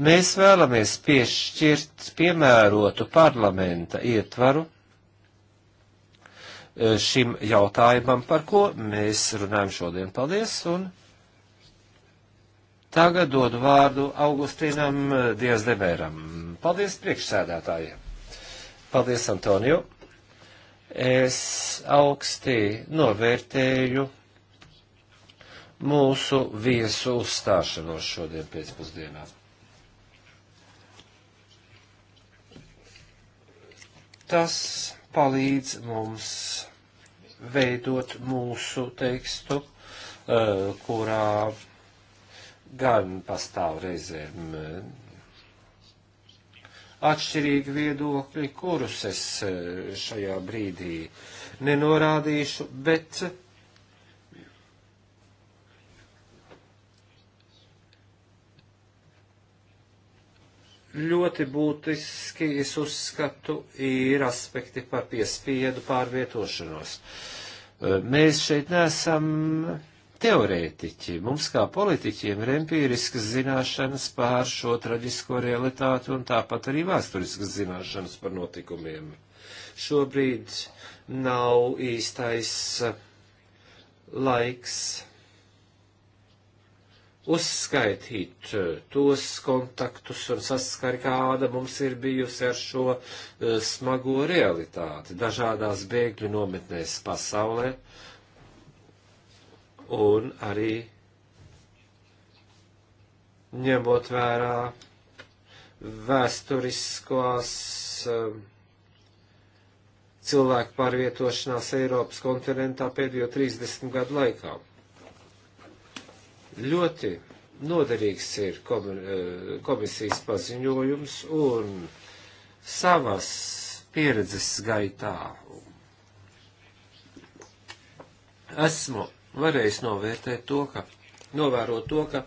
C: Mēs vēlamies piešķirt piemērotu parlamenta ietvaru e, šim jautājumam, par ko mēs runājam šodien. Paldies! Un tagad dodu vārdu Augustīnam Diezdemēram. Paldies priekšsēdētājiem! Paldies, Antoniju! Es augstī novērtēju mūsu viesu uzstāšanos šodien pēcpusdienā. Tas palīdz mums veidot mūsu tekstu, eh, kurā gan pastāv reizēm eh, atšķirīgi viedokļi, kurus es e, šajā brīdī nenorādīšu, bet ļoti būtiski, es uzskatu, ir aspekti par piespiedu pārvietošanos. E, mēs šeit nesam teorētiķi. Mums kā politiķiem ir empīriskas zināšanas pār šo traģisko realitāti un tāpat arī vēsturiskas zināšanas par notikumiem. Šobrīd nav īstais eh, laiks uzskaitīt eh, tos kontaktus un saskari, kāda mums ir bijusi ar šo eh, smago realitāti dažādās bēgļu nometnēs pasaulē. Uh, un arī ņemot vērā vēsturiskās um, cilvēku pārvietošanās Eiropas kontinentā pēdējo 30 gadu laikā. Ļoti noderīgs ir eh, komisijas paziņojums un savas pieredzes gaitā. Esmu varējis novērtēt to, ka, novērot to, ka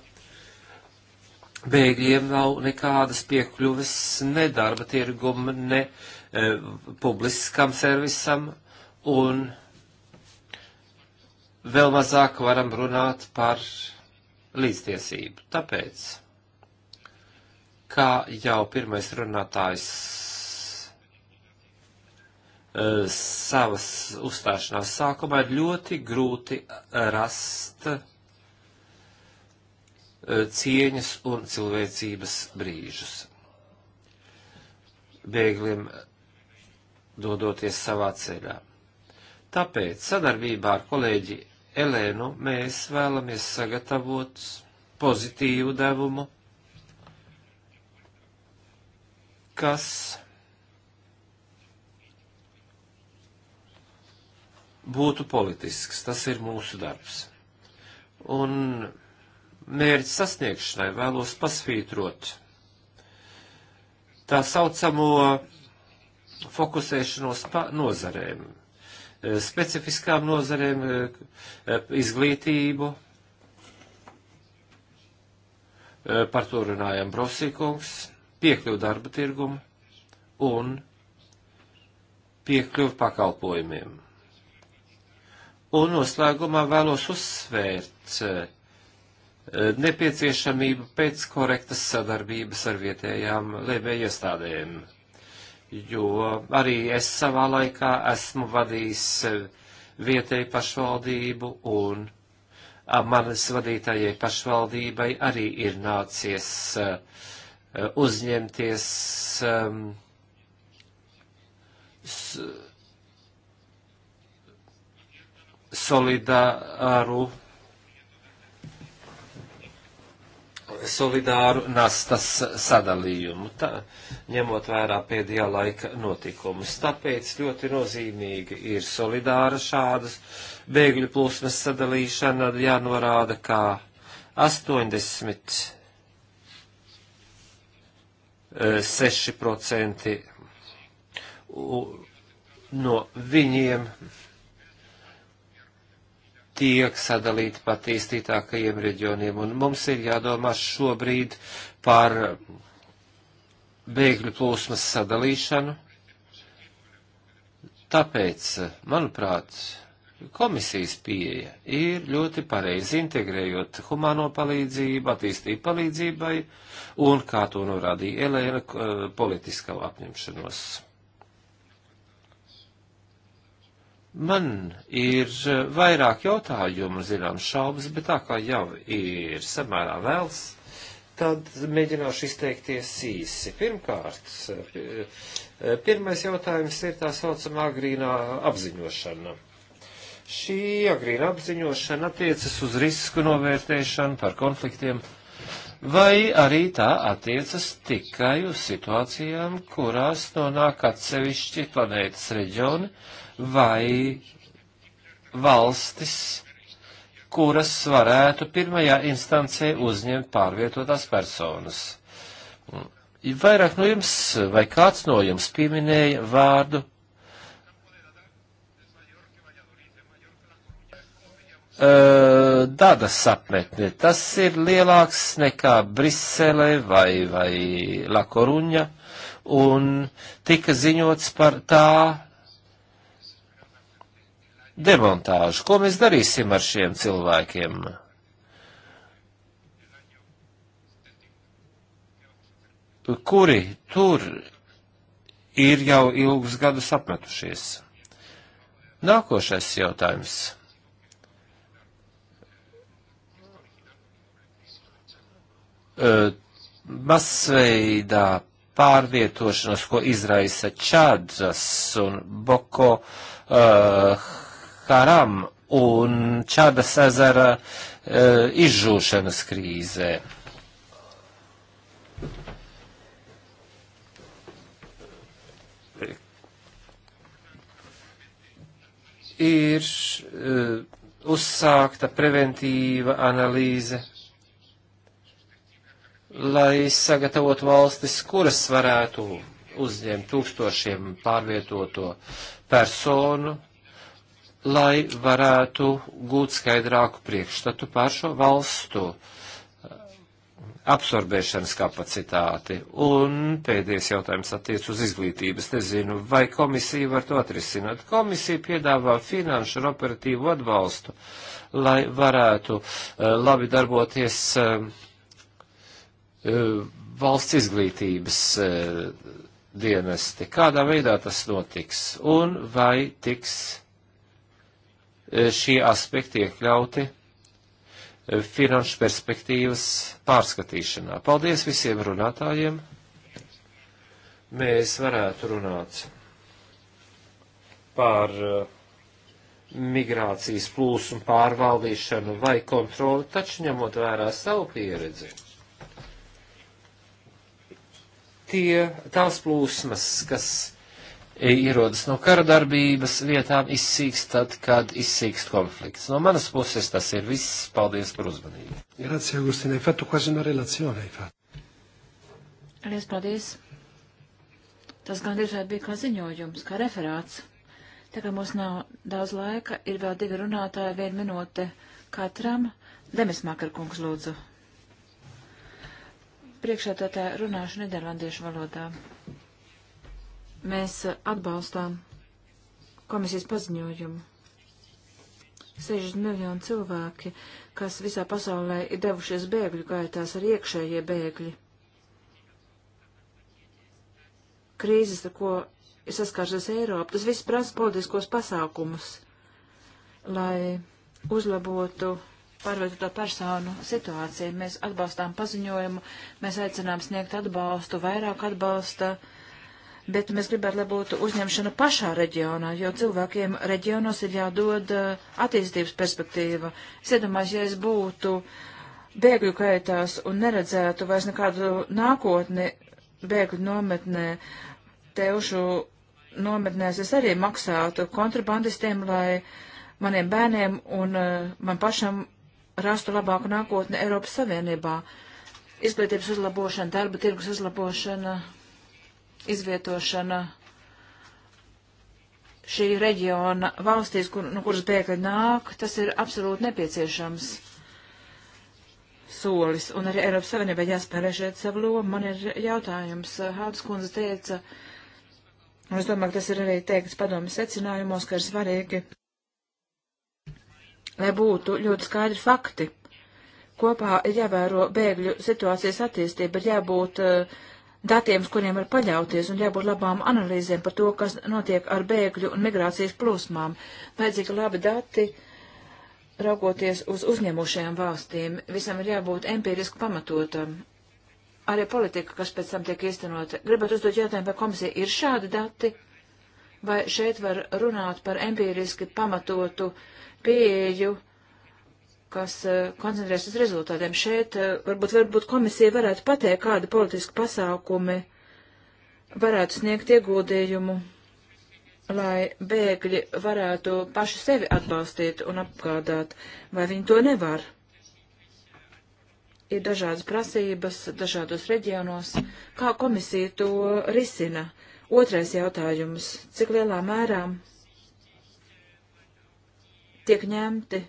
C: bēgļiem nav nekādas piekļuves ne darba tirgum, ne e, publiskam servisam, un vēl mazāk varam runāt par līdztiesību. Tāpēc, kā jau pirmais runātājs Eh, savas uzstāšanās sākumā ir ļoti grūti rast eh, cieņas un cilvēcības brīžus. Bēgļiem dodoties savā ceļā. Tāpēc sadarbībā ar kolēģi Elēnu mēs vēlamies sagatavot pozitīvu devumu, kas būtu politisks. Tas ir mūsu darbs. Un mērķa sasniegšanai vēlos pasvītrot tā saucamo fokusēšanos pa nozarēm, eh, specifiskām nozarēm, eh, eh, izglītību, par to runājam Brosīkungs, piekļuvu darba tirgumu un piekļuvu pakalpojumiem. Un noslēgumā vēlos uzsvērt eh, nepieciešamību pēc korektas sadarbības ar vietējām lēmēju iestādēm, jo arī es savā laikā esmu vadījis eh, vietēju pašvaldību un manas vadītājai pašvaldībai arī ir nācies eh, uzņemties ehm, solidāru, solidāru nastas sadalījumu, tā, ņemot vērā pēdējā laika notikumus. Tāpēc ļoti nozīmīgi ir solidāra šādas bēgļu plūsmas sadalīšana, jānorāda, kā 80. 6% no viņiem tiek sadalīti pa attīstītākajiem reģioniem, un mums ir jādomā šobrīd par bēgļu plūsmas sadalīšanu. Tāpēc, manuprāt, komisijas pieeja ir ļoti pareizi integrējot humāno palīdzību, attīstību palīdzībai un, kā to norādīja Elēna, eh, politiskā apņemšanos. Man ir eh, vairāk jautājumu, zināms, šaubas, bet tā kā jau ir samērā vēls, tad mēģināšu izteikties īsi. Pirmkārt, eh, pirmais jautājums ir tā saucamā agrīnā apziņošana. Šī agrīna apziņošana attiecas uz risku novērtēšanu par konfliktiem, vai arī tā attiecas tikai uz situācijām, kurās nonāk atsevišķi planētas reģioni, vai valstis, kuras varētu pirmajā instancē uzņemt pārvietotās personas. Mm. Vairāk no jums, vai kāds no jums pieminēja vārdu dada sapmetni. Tas ir lielāks nekā Brisele vai, vai Lakoruņa, un tika ziņots par tā demontāžu. Ko mēs darīsim ar šiem cilvēkiem? Kuri tur ir jau ilgus gadus apmetušies? Nākošais jautājums. E, masveidā pārvietošanos, ko izraisa Čādas un Boko uh, Haram un Čadas ezera e, izžūšanas krīzē. ir uh, uzsākta preventīva analīze, lai sagatavotu valstis, kuras varētu uzņemt tūkstošiem pārvietoto personu lai varētu gūt skaidrāku priekšstatu pār šo valstu eh, absorbēšanas kapacitāti. Un pēdējais jautājums attiec uz izglītības. Nezinu, vai komisija var to atrisināt. Komisija piedāvā finanšu un operatīvu atbalstu, lai varētu uh, labi darboties uh, uh, valsts izglītības dienesti. Kādā veidā tas notiks? Un vai tiks Eh, šie aspekti iekļauti eh, finanšu perspektīvas pārskatīšanā. Paldies visiem runātājiem. Mēs varētu runāt par eh, migrācijas plūsmu pārvaldīšanu vai kontroli, taču ņemot vērā savu pieredzi. Tie, tās plūsmas, kas ierodas no kara darbības vietām, izsīkst tad, kad izsīkst konflikts. No manas puses tas ir viss. Paldies par uzmanību. Grazie, Agustīne. Fatu quasi una relazione.
B: Lies paldies. Tas gandrīz vai bija kā ziņojums, kā referāts. Tā kā mums nav daudz laika, ir vēl divi runātāji, viena minūte katram. Demis Makarkungs, lūdzu. Priekšā tā tā runāšu nederlandiešu valodā. Mēs atbalstām komisijas paziņojumu. 60 miljoni cilvēki, kas visā pasaulē ir devušies bēgļu gaitās, arī iekšējie bēgļi. Krīzes, ar ko ir saskāršies Eiropa, tas viss prasa politiskos pasākumus, lai uzlabotu pārvietoto personu situāciju. Mēs atbalstām paziņojumu, mēs aicinām sniegt atbalstu, vairāk atbalsta. Uh, bet mēs gribētu, lai būtu uzņemšana pašā reģionā, jo cilvēkiem reģionos ir jādod eh, attīstības perspektīva. Es iedomājos, ja es būtu bēgļu kaitās un neredzētu vairs nekādu nākotni bēgļu nometnē, teušu nometnēs es arī maksātu kontrabandistiem, lai maniem bērniem un eh, man pašam rastu labāku nākotni Eiropas Savienībā. Izglītības uzlabošana, darba tirgus uzlabošana, izvietošana šī reģiona valstīs, kur, no nu, kuras bēgļi nāk, tas ir absolūti nepieciešams solis. Un arī Eiropas Savienībai jāspēlē šeit savu lomu. Man ir jautājums. Hādas kundze teica, un es domāju, ka tas ir arī teikts padomu secinājumos, ka ir svarīgi, lai būtu ļoti skaidri fakti. Kopā ir jāvēro bēgļu situācijas attīstība, ir jābūt uh, datiem, uz kuriem var paļauties, un jābūt labām analīzēm par to, kas notiek ar bēgļu un migrācijas plūsmām. Vajadzīgi labi dati, raugoties uz uzņemušajām valstīm. Visam ir jābūt empiriski pamatotam. Arī politika, kas pēc tam tiek īstenota. Gribētu uzdot jautājumu, vai komisija ir šādi dati, vai šeit var runāt par empiriski pamatotu pieeju kas eh, koncentrēs uz rezultātiem. Šeit eh, varbūt, varbūt komisija varētu pateikt, kāda politiska pasākumi varētu sniegt ieguldījumu, lai bēgļi varētu paši sevi atbalstīt un apgādāt, vai viņi to nevar. Ir dažādas prasības dažādos reģionos. Kā komisija to risina? Otrais jautājums. Cik lielā mērā tiek ņemti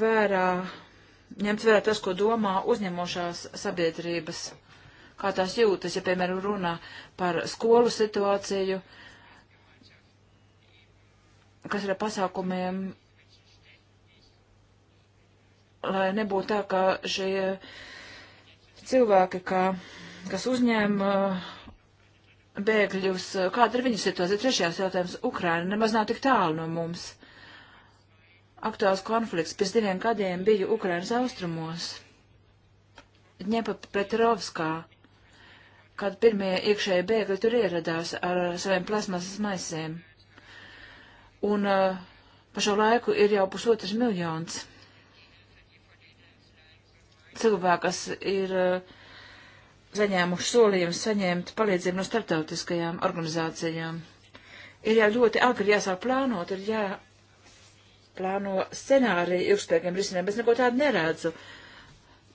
B: vērā, ņemt vērā tas, ko domā uzņemošās sabiedrības, kā tās jūtas, ja, piemēram, runā par skolu situāciju, kas ir pasākumiem, lai nebūtu tā, ka šie cilvēki, kā, kas uzņēma uh, bēgļus, kāda ir viņu situācija? Trešajās jautājums - Ukraina nemaz nav tik tālu no mums. Uh, aktuāls konflikts. Pēc diviem gadiem biju Ukrainas austrumos, Dņepapetrovskā, kad pirmie iekšēji bēgļi tur ieradās ar saviem plasmasas maisēm. Un uh, pa šo laiku ir jau pusotrs miljons cilvēku, kas ir uh, saņēmuši solījumus saņemt palīdzību no starptautiskajām organizācijām. Ir jau ļoti agri jāsāk plānot, ir jā, plāno scenāriju ilgspējīgiem risinājumiem. Es neko tādu neredzu.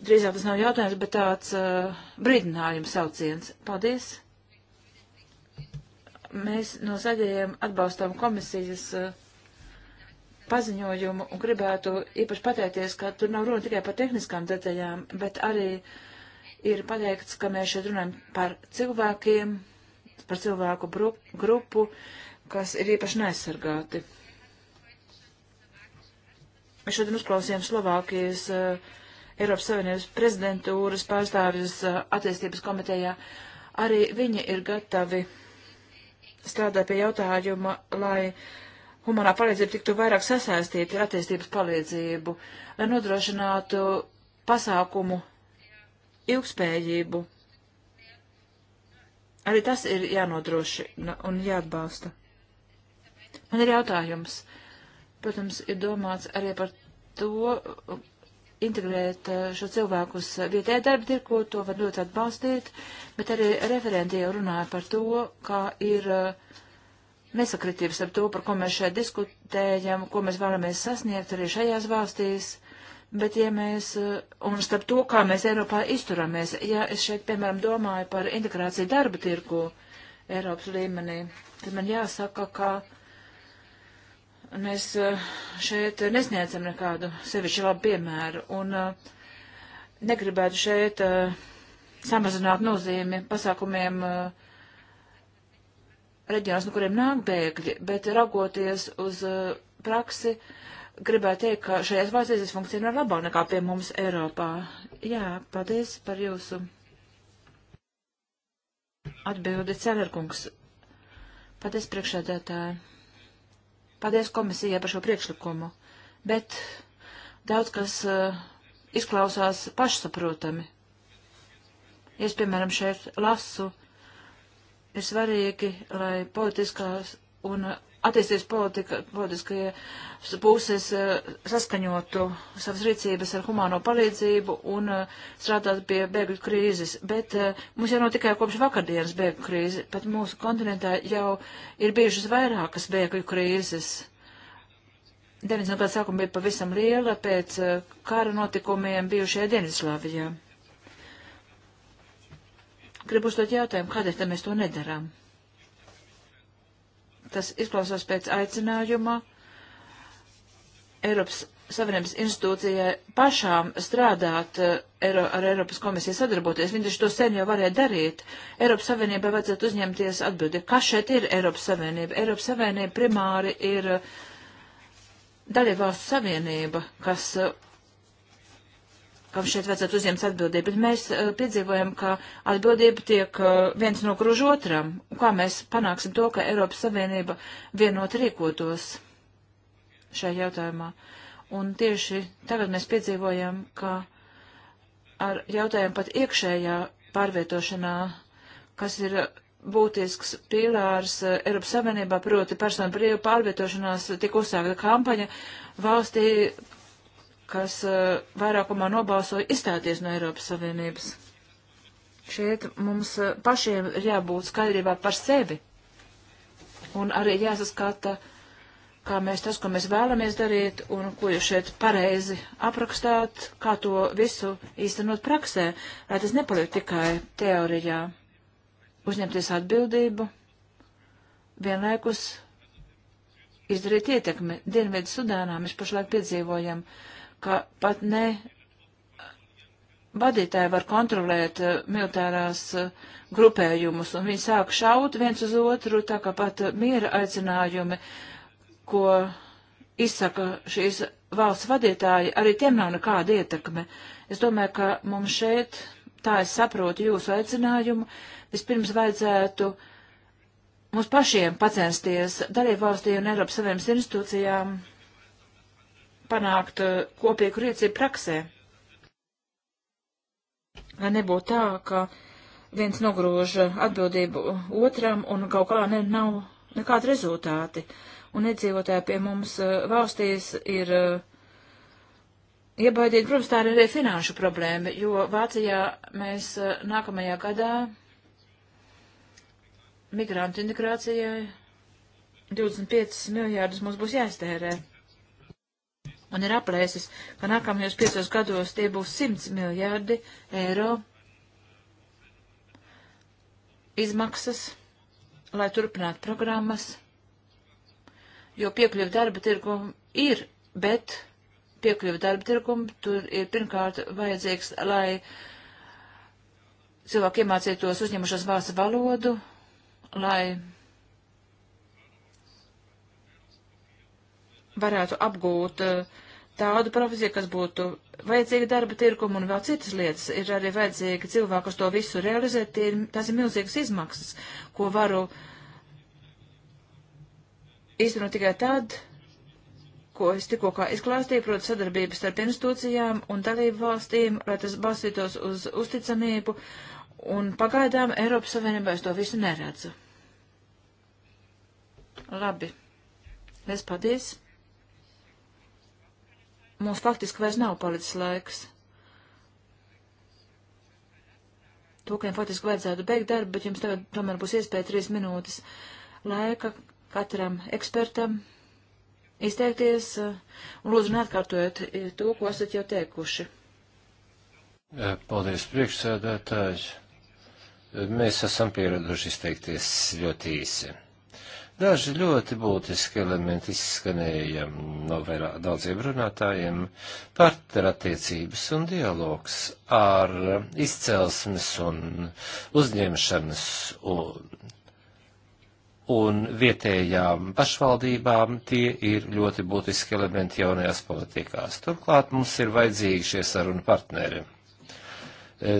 B: Drīzāk tas nav jautājums, bet tāds uh, brīdinājums sauciens. Paldies! Mēs no zaļajiem atbalstām komisijas uh, paziņojumu un gribētu īpaši pateikties, ka tur nav runa tikai par tehniskām detaļām, bet arī ir pateikts, ka mēs šeit runājam par cilvēkiem, par cilvēku grupu, kas ir īpaši neaizsargāti. Šodien uzklausījām Slovākijas uh, Eiropas Savienības prezidentūras pārstāvis uh, eh, attīstības komitejā. Arī viņi ir gatavi strādāt pie jautājuma, lai humanā palīdzība tiktu vairāk sasaistīta ar attīstības palīdzību, lai nodrošinātu pasākumu ilgspējību. Arī tas ir jānodrošina un jāatbalsta. Man ir jautājums. Uh, protams, ir domāts arī par to uh, integrēt uh, šo cilvēkus vietējā darba tirku, to var ļoti atbalstīt, bet arī referenti jau runāja par to, kā ir uh, nesakritības ar to, par ko mēs šeit diskutējam, ko mēs vēlamies sasniegt arī šajās valstīs. Bet, ja mēs, un starp to, kā mēs Eiropā izturamies, ja es šeit, piemēram, domāju par integrāciju darba tirgu Eiropas līmenī, tad man jāsaka, ka Mēs eh, šeit nesniedzam nekādu sevišķi labu piemēru un eh, negribētu šeit eh, samazināt nozīmi pasākumiem reģionos, no kuriem nāk bēgļi, bet raugoties uz praksi, gribētu teikt, ka šajās valstīs tas funkcionē labāk nekā pie mums Eiropā. Jā, paldies par jūsu atbildi, Celerkungs. Paldies priekšādētāji. Paldies komisijai par šo priekšlikumu, bet daudz kas uh, izklausās pašsaprotami. Es, piemēram, šeit lasu, ir svarīgi, lai politiskās un attīstības politika, politiskajās puses eh, saskaņotu savas rīcības ar humāno palīdzību un eh, strādāt pie bēgļu krīzes. Bet eh, mums jau nav tikai kopš vakardienas bēgļu krīze, bet mūsu kontinentā jau ir bijušas vairākas bēgļu krīzes. 90. gada sākuma bija pavisam liela pēc kara notikumiem bijušajā Dienvidslāvijā. Gribu uzdot jautājumu, kādēļ mēs to nedarām? Tas izklausās pēc aicinājuma Eiropas Savienības institūcijai pašām strādāt eh, Eiro, ar Eiropas komisiju sadarboties. Viņi to sen jau varēja darīt. Eiropas Savienībai vajadzētu uzņemties atbildi. Kas šeit ir Eiropas Savienība? Eiropas Savienība primāri ir eh, dalībvalstu savienība, kas eh, kam šeit vajadzētu uzņemt atbildību, bet mēs uh, piedzīvojam, ka atbildība tiek uh, viens nokruž otram. Un kā mēs panāksim to, ka Eiropas Savienība vienot rīkotos šajā jautājumā? Un tieši tagad mēs piedzīvojam, ka ar jautājumu pat iekšējā pārvietošanā, kas ir būtisks pīlārs eh, Eiropas Savienībā, proti personu brīvu pārvietošanās, tika uzsākta kampaņa valstī kas uh, vairākumā nobalsoja izstāties no Eiropas Savienības. Šeit mums uh, pašiem ir jābūt skaidrībā par sevi. Un arī jāsaskata, kā mēs tas, ko mēs vēlamies darīt, un ko jūs šeit pareizi aprakstāt, kā to visu īstenot praksē, lai tas nepaliek tikai teorijā. Uzņemties atbildību, vienlaikus izdarīt ietekmi. Dienvidu Sudānā mēs pašlaik piedzīvojam uh, ka pat ne vadītāji var kontrolēt uh, militārās uh, grupējumus, un viņi sāk šaut viens uz otru, tā kā pat uh, miera aicinājumi, ko izsaka šīs valsts vadītāji, arī tiem nav nekāda ietekme. Es domāju, ka mums šeit, tā es saprotu jūsu aicinājumu, vispirms vajadzētu mums pašiem pacensties darīt valstī un Eiropas Savienības institūcijām panākt eh, kopīgu rīcību praksē. Lai nebūtu tā, ka viens nogrūž atbildību otram un kaut kā ne, nav nekādi rezultāti. Un iedzīvotāji pie mums eh, valstīs ir eh, iebaidīti. Protams, tā ir arī finanšu problēma, jo Vācijā mēs nākamajā gadā migrantu integrācijai 25 miljārdus mums būs jāiztērē un ir aplēsis, ka nākamajos piecos gados tie būs 100 miljārdi eiro izmaksas, lai turpinātu programmas, jo piekļuvi darba tirgumu ir, bet piekļuvi darba tirgumu tur ir pirmkārt vajadzīgs, lai cilvēki iemācītos uzņemušos vācu valodu, lai varētu apgūt eh, tādu profesiju, kas būtu vajadzīga darba tirkumu un vēl citas lietas. Ir arī vajadzīga cilvēku, kas to visu realizē. Tie, tās ir milzīgas izmaksas, ko varu īstenot tikai tad, ko es tikko kā izklāstīju, proti sadarbības starp institūcijām un dalību valstīm, lai tas balstītos uz uzticamību, un pagaidām Eiropas Savienībā es to visu neredzu. Labi. Es paldies mums faktiski vairs nav palicis laiks. Tūkiem faktiski vajadzētu beigt darbu, bet jums tagad tomēr būs iespēja trīs minūtes laika katram ekspertam izteikties uh, un lūdzu neatkārtojiet uh, to, ko esat jau teikuši.
C: Uh, paldies, priekšsēdētāji. Mēs esam pieraduši izteikties ļoti īsi. Daži ļoti būtiski elementi izskanēja no vairā, daudziem runātājiem - partnerattiecības un dialogs ar izcelsmes un uzņemšanas un, un vietējām pašvaldībām tie ir ļoti būtiski elementi jaunajās politikās. Turklāt mums ir vajadzīgi šie sarunu partneri. E,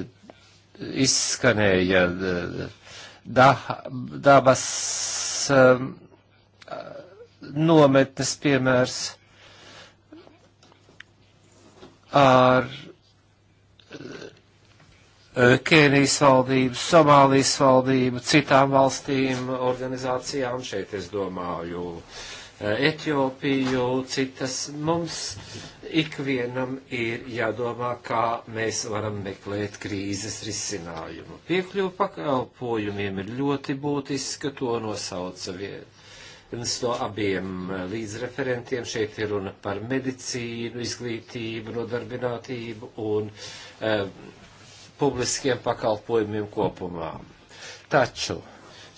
C: izskanēja e, Dabas Um, nometnes piemērs ar uh, Kēnijas valdību, Somālijas valdību, citām valstīm, organizācijām. Šeit es domāju, uh, Eh, Etiopiju, citas mums ikvienam ir jādomā, kā mēs varam meklēt krīzes risinājumu. Piekļuvu pakalpojumiem ir ļoti būtiska, to nosauca viens no abiem līdzreferentiem. Šeit ir runa par medicīnu, izglītību, nodarbinātību un eh, publiskiem pakalpojumiem kopumā. Taču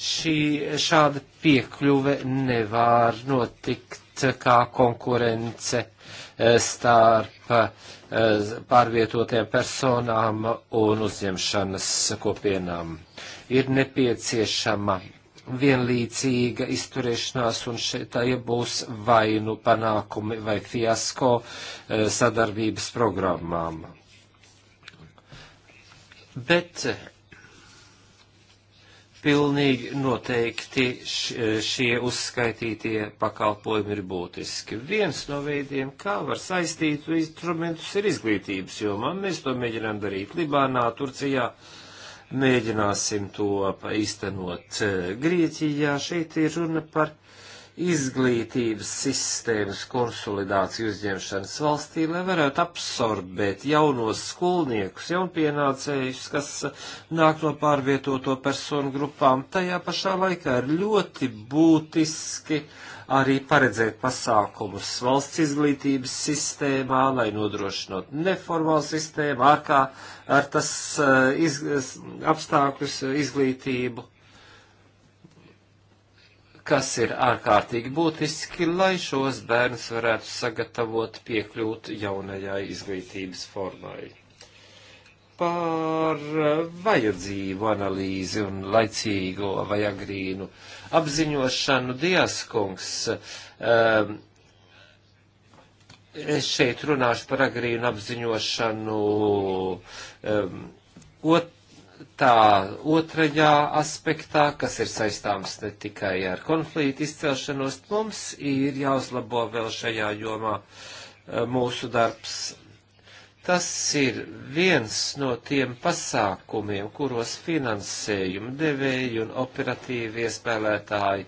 C: šī, šāda piekļuve nevar notikt kā konkurence eh, starp eh, pārvietotiem personām un uzņemšanas kopienām. Ir nepieciešama vienlīdzīga izturēšanās, un šeit ja eh, būs vai nu panākumi vai fiasko sadarbības programmām. Bet Pilnīgi noteikti e, šie uzskaitītie pakalpojumi ir būtiski. Viens no veidiem, kā var saistīt instrumentus, ir izglītības jomā. Mēs to mēģinām darīt Libānā, Turcijā, mēģināsim to īstenot e, Grieķijā. Šeit ir runa par izglītības sistēmas konsolidāciju uzņemšanas valstī, lai varētu absorbēt jaunos skolniekus, jaunpienācējus, kas nāk no pārvietoto personu grupām. Tajā pašā laikā ir ļoti būtiski arī paredzēt pasākumus valsts izglītības sistēmā, lai nodrošinot neformālu sistēmu, ārkā ar tas eh, iz, apstākļus izglītību kas ir ārkārtīgi būtiski, lai šos bērnus varētu sagatavot piekļūt jaunajai izglītības formai. Par eh, vajadzību analīzi un laicīgo vai agrīnu apziņošanu Diaskungs. Um, eh, es šeit runāšu par agrīnu apziņošanu um, ot, tā otrajā aspektā, kas ir saistāms ne tikai ar konfliktu izcelšanos, mums ir jāuzlabo vēl šajā jomā e, mūsu darbs. Tas ir viens no tiem pasākumiem, kuros finansējumu devēji un operatīvie spēlētāji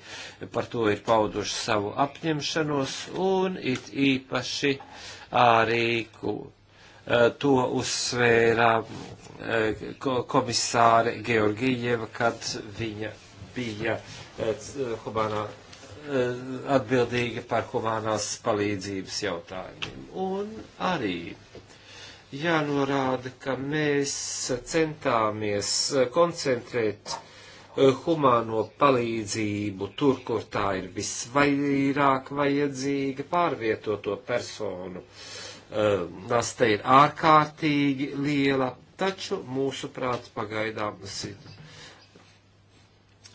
C: par to ir pauduši savu apņemšanos un it īpaši arī, ku, Eh, to uzsvēra eh, komisāre Georgijeva, kad viņa bija eh, humanā, atbildīga par humanās palīdzības jautājumiem. Un arī jānorāda, ka mēs centāmies koncentrēt humāno palīdzību tur, kur tā ir visvairāk vajadzīga, pārvietoto personu uh, nasta eh, ir ārkārtīgi liela, taču mūsuprāt pagaidām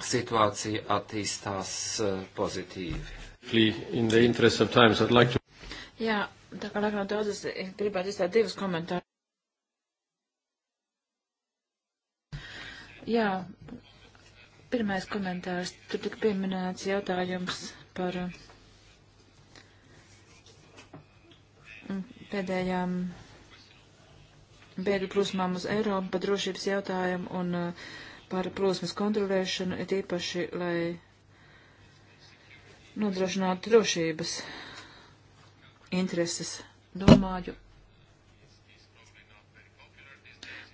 C: situācija attīstās eh, pozitīvi. Times,
A: like to...
B: Jā, tā kā laikam daudz es gribētu izteikt divus komentārus. Jā, pirmais komentārs. Tur tik pieminēts jautājums par uh, pēdējām bēgļu plūsmām uz Eiropu par drošības jautājumu un uh, par plūsmas kontrolēšanu, it īpaši, lai nodrošinātu drošības intereses. Domāju,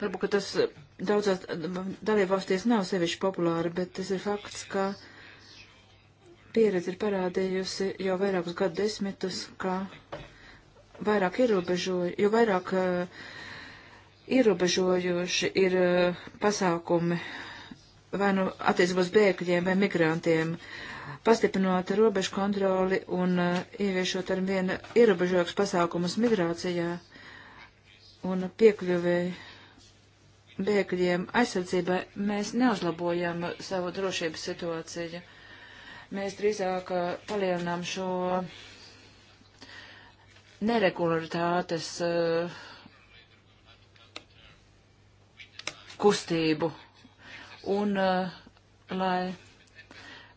B: varbūt, ka tas daudzās dalībvalstīs nav sevišķi populāri, bet tas ir fakts, ka pieredze ir parādījusi jau vairākus gadu desmitus, ka vairāk ierobežoju, jo vairāk uh, ierobežojoši ir uh, pasākumi vai nu attiecībos bēgļiem vai migrantiem, pastiprinot robežu kontroli un uh, ieviešot ar vienu ierobežojumus pasākumus migrācijā un piekļuvi bēgļiem aizsardzībai, mēs neuzlabojam savu drošības situāciju. Mēs drīzāk palielinām šo uh, neregularitātes uh, kustību un uh, lai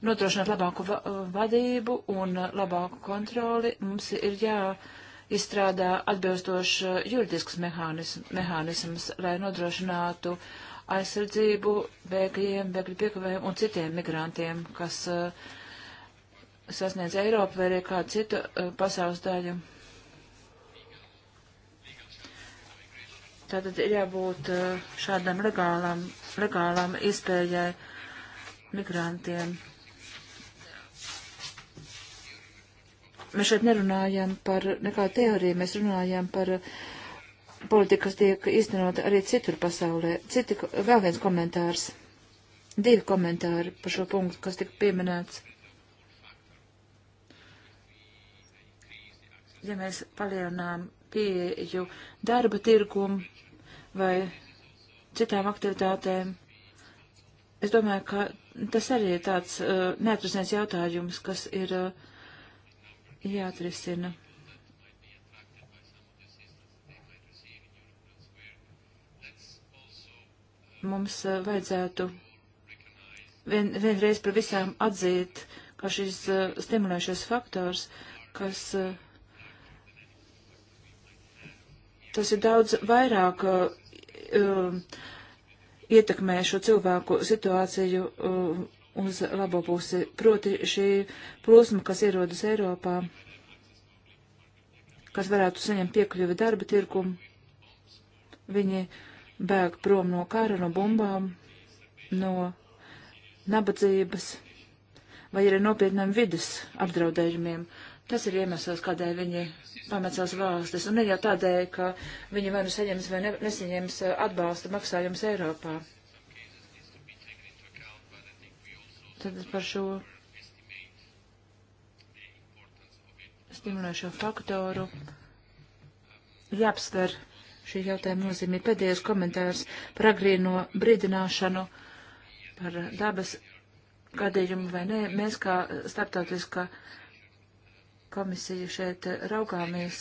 B: nodrošinātu labāku va vadību un eh, labāku kontroli, mums ir jāizstrādā atbilstošs juridisks mehānisms, mehānisms, lai nodrošinātu aizsardzību bēgļiem, bēgļu piekavējiem un citiem migrantiem, kas uh, sasniedz Eiropu vai arī kādu citu uh, pasaules daļu. Tātad ir jābūt eh, šādam legālam, legālam iespējai migrantiem. Mēs šeit nerunājam par nekādu teoriju, mēs runājam par eh, politiku, kas tiek īstenota arī citur pasaulē. Citi, vēl viens komentārs, divi komentāri par šo punktu, kas tika pieminēts. Ja mēs palielinām pieeju darba tirgumu vai citām aktivitātēm. Es domāju, ka tas arī ir tāds uh, neatrisināts jautājums, kas ir uh, jāatrisina. Mums uh, vajadzētu vien, vienreiz par visām atzīt, ka šis uh, stimulējušais faktors, kas uh, tas ir daudz vairāk uh, um, ietekmē šo cilvēku situāciju uh, uz labo pusi. Proti šī plūsma, kas ierodas Eiropā, kas varētu saņemt piekļuvi darba tirkumu, viņi bēg prom no kara, no bumbām, no nabadzības vai arī nopietniem vidas apdraudējumiem. Tas ir iemesls, kādēļ viņi pamet savas valstis, un ne jau tādēļ, ka viņi vai nu saņems vai ne, nesaņems eh, atbalsta maksājums Eiropā. Tad par šo stimulējušo faktoru jāapsver šī jautājuma nozīmē pēdējais komentārs par agrīno brīdināšanu, par dabas gadījumu vai nē. Mēs kā starptautiskā komisiju šeit raugāmies,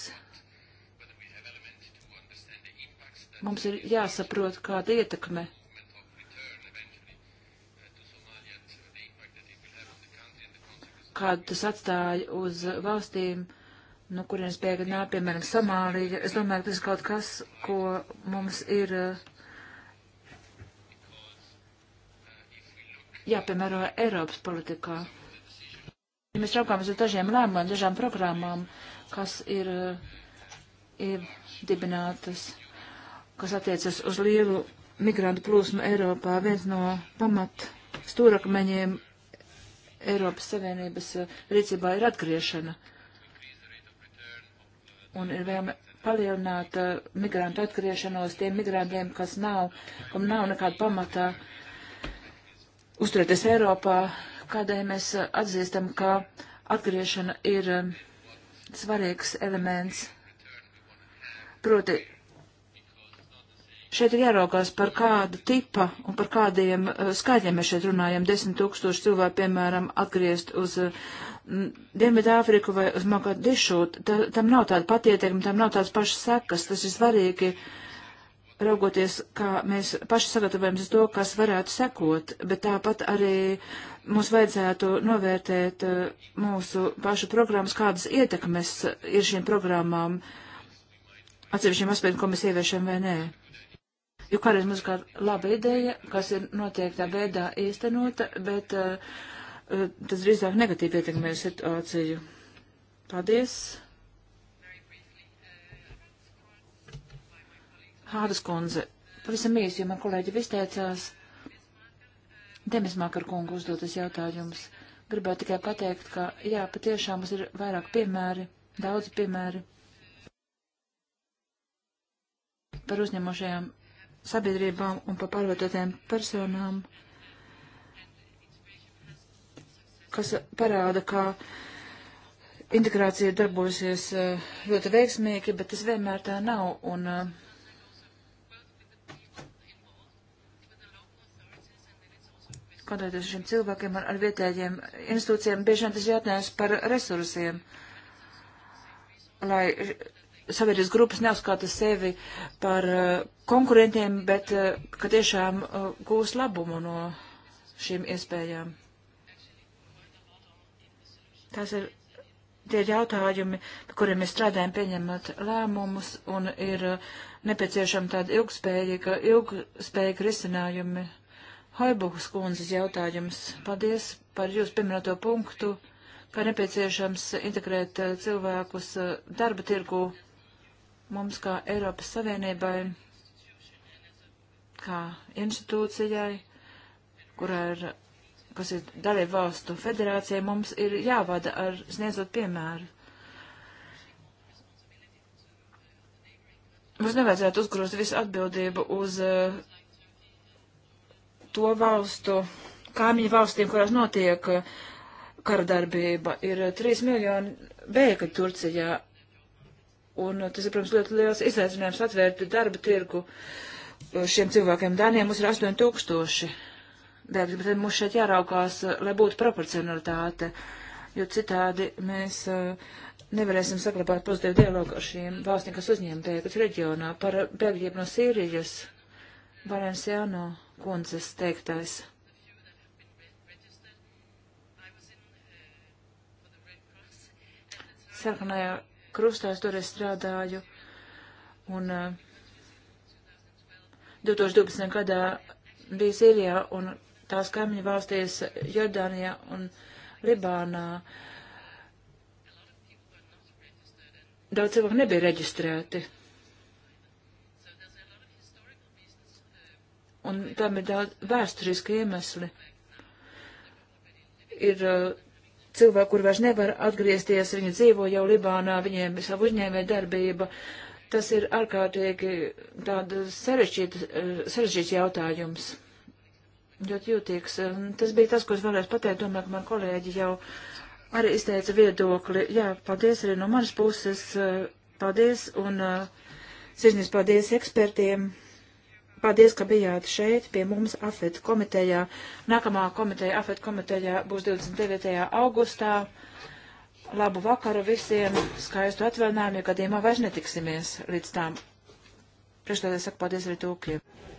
B: mums ir jāsaprot, kāda ietekme kādu tas atstāja uz valstīm, no nu, kurienes bēgļā, piemēram, Somālija. Es domāju, ka tas ir kaut kas, ko mums ir eh, jāpiemēro Eiropas politikā. Ja mēs raukāmies uz dažiem lēmumiem, dažām programmām, kas ir, ir dibinātas, kas attiecas uz lielu migrantu plūsmu Eiropā, viens no pamat stūrakmeņiem Eiropas Savienības eh, rīcībā ir atgriešana. Un ir vēlme palielināt uh, migrantu atgriešanos tiem migrantiem, kas nav, kam nav nekāda pamatā uzturēties Eiropā, kādēļ mēs eh, atzīstam, ka atgriešana ir eh, svarīgs elements. Proti, šeit ir jāraugās par kādu tipa un par kādiem eh, skaitļiem mēs šeit runājam. Desmit tūkstoši cilvēku, piemēram, atgriezt uz Dienvidāfriku vai uz Mogadišu. Tā, tam nav tāda patietekuma, tam nav tādas pašas sekas. Tas ir svarīgi. Uh, raugoties, kā mēs paši sagatavojamies to, kas varētu sekot, bet tāpat arī mums vajadzētu novērtēt eh, mūsu pašu programmas, kādas ietekmes ir šīm programmām atsevišķiem aspektiem, ko mēs ieviešam vai nē. Jo kādreiz mums kā laba ideja, kas ir noteiktā veidā īstenota, bet uh, tas drīzāk negatīvi ietekmē situāciju. Paldies! Hādas kundze, pavisam īsi, jo man kolēģi visteicās. Demismākar kungu uzdotas jautājums. Gribētu tikai pateikt, ka jā, patiešām mums ir vairāk piemēri, daudzi piemēri par uzņemošajām sabiedrībām un par pārvietotajām personām, kas parāda, ka integrācija darbosies eh, ļoti veiksmīgi, bet tas vienmēr tā nav. Un, uh, skatoties šiem cilvēkiem ar, ar vietējiem institūcijiem, bieži vien tas jautājums par resursiem, lai sabiedrības grupas neuzskata sevi par eh, konkurentiem, bet eh, ka tiešām eh, gūs labumu no šīm iespējām. Tas ir tie ir jautājumi, par kuriem mēs strādājam, pieņemot lēmumus, un ir nepieciešama tāda ilgspējīga, ilgspējīga risinājumi Haibuhas kundzes jautājums. Paldies par jūsu pieminēto punktu, ka nepieciešams integrēt eh, cilvēkus eh, darba tirgu mums kā Eiropas Savienībai, kā institūcijai, kurā ir, kas ir dalība valstu federācija, mums ir jāvada ar sniedzot piemēru. Mums nevajadzētu uzgrūst visu atbildību uz uh, to valstu, kaimiņu valstīm, kurās notiek eh, karadarbība. Ir 3 miljoni bēgļu Turcijā. Un eh, tas ir, protams, ļoti liels izaicinājums atvērt darba tirgu eh, šiem cilvēkiem. Dāniem mums ir 8 tūkstoši bēgļu, bet mums šeit jāraukās, lai būtu proporcionalitāte, jo citādi mēs nevarēsim saglabāt pozitīvu dialogu ar šīm valstīm, kas uzņēma bēgļus reģionā par bēgļiem no Sīrijas, Valenciāno kundzes teiktais. Sarkanajā krustā es toreiz strādāju, un uh, eh, 2012. gadā bija Sīrijā un tās kaimiņu valstīs Jordānijā un Libānā. Daudz cilvēku nebija reģistrēti. un tam ir daudz vēsturiski iemesli. Ir uh, cilvēki, kur vairs nevar atgriezties, viņi dzīvo jau Libānā, viņiem ir savu uzņēmē darbība. Tas ir ārkārtīgi tāds uh, sarežģīts jautājums. Ļoti jūtīgs. Tas bija tas, ko es vēlējos pateikt. Domāju, ka man kolēģi jau arī izteica viedokli. Jā, paldies arī no manas puses. Paldies un uh, sirsnīgs paldies ekspertiem. Paldies, ka bijāt šeit pie mums AFET komitejā. Nākamā komiteja AFET komitejā būs 29. augustā. Labu vakaru visiem, skaistu atvainājumu, ja gadījumā vairs netiksimies līdz tām. Priekšstādē saka paldies arī tūkiem.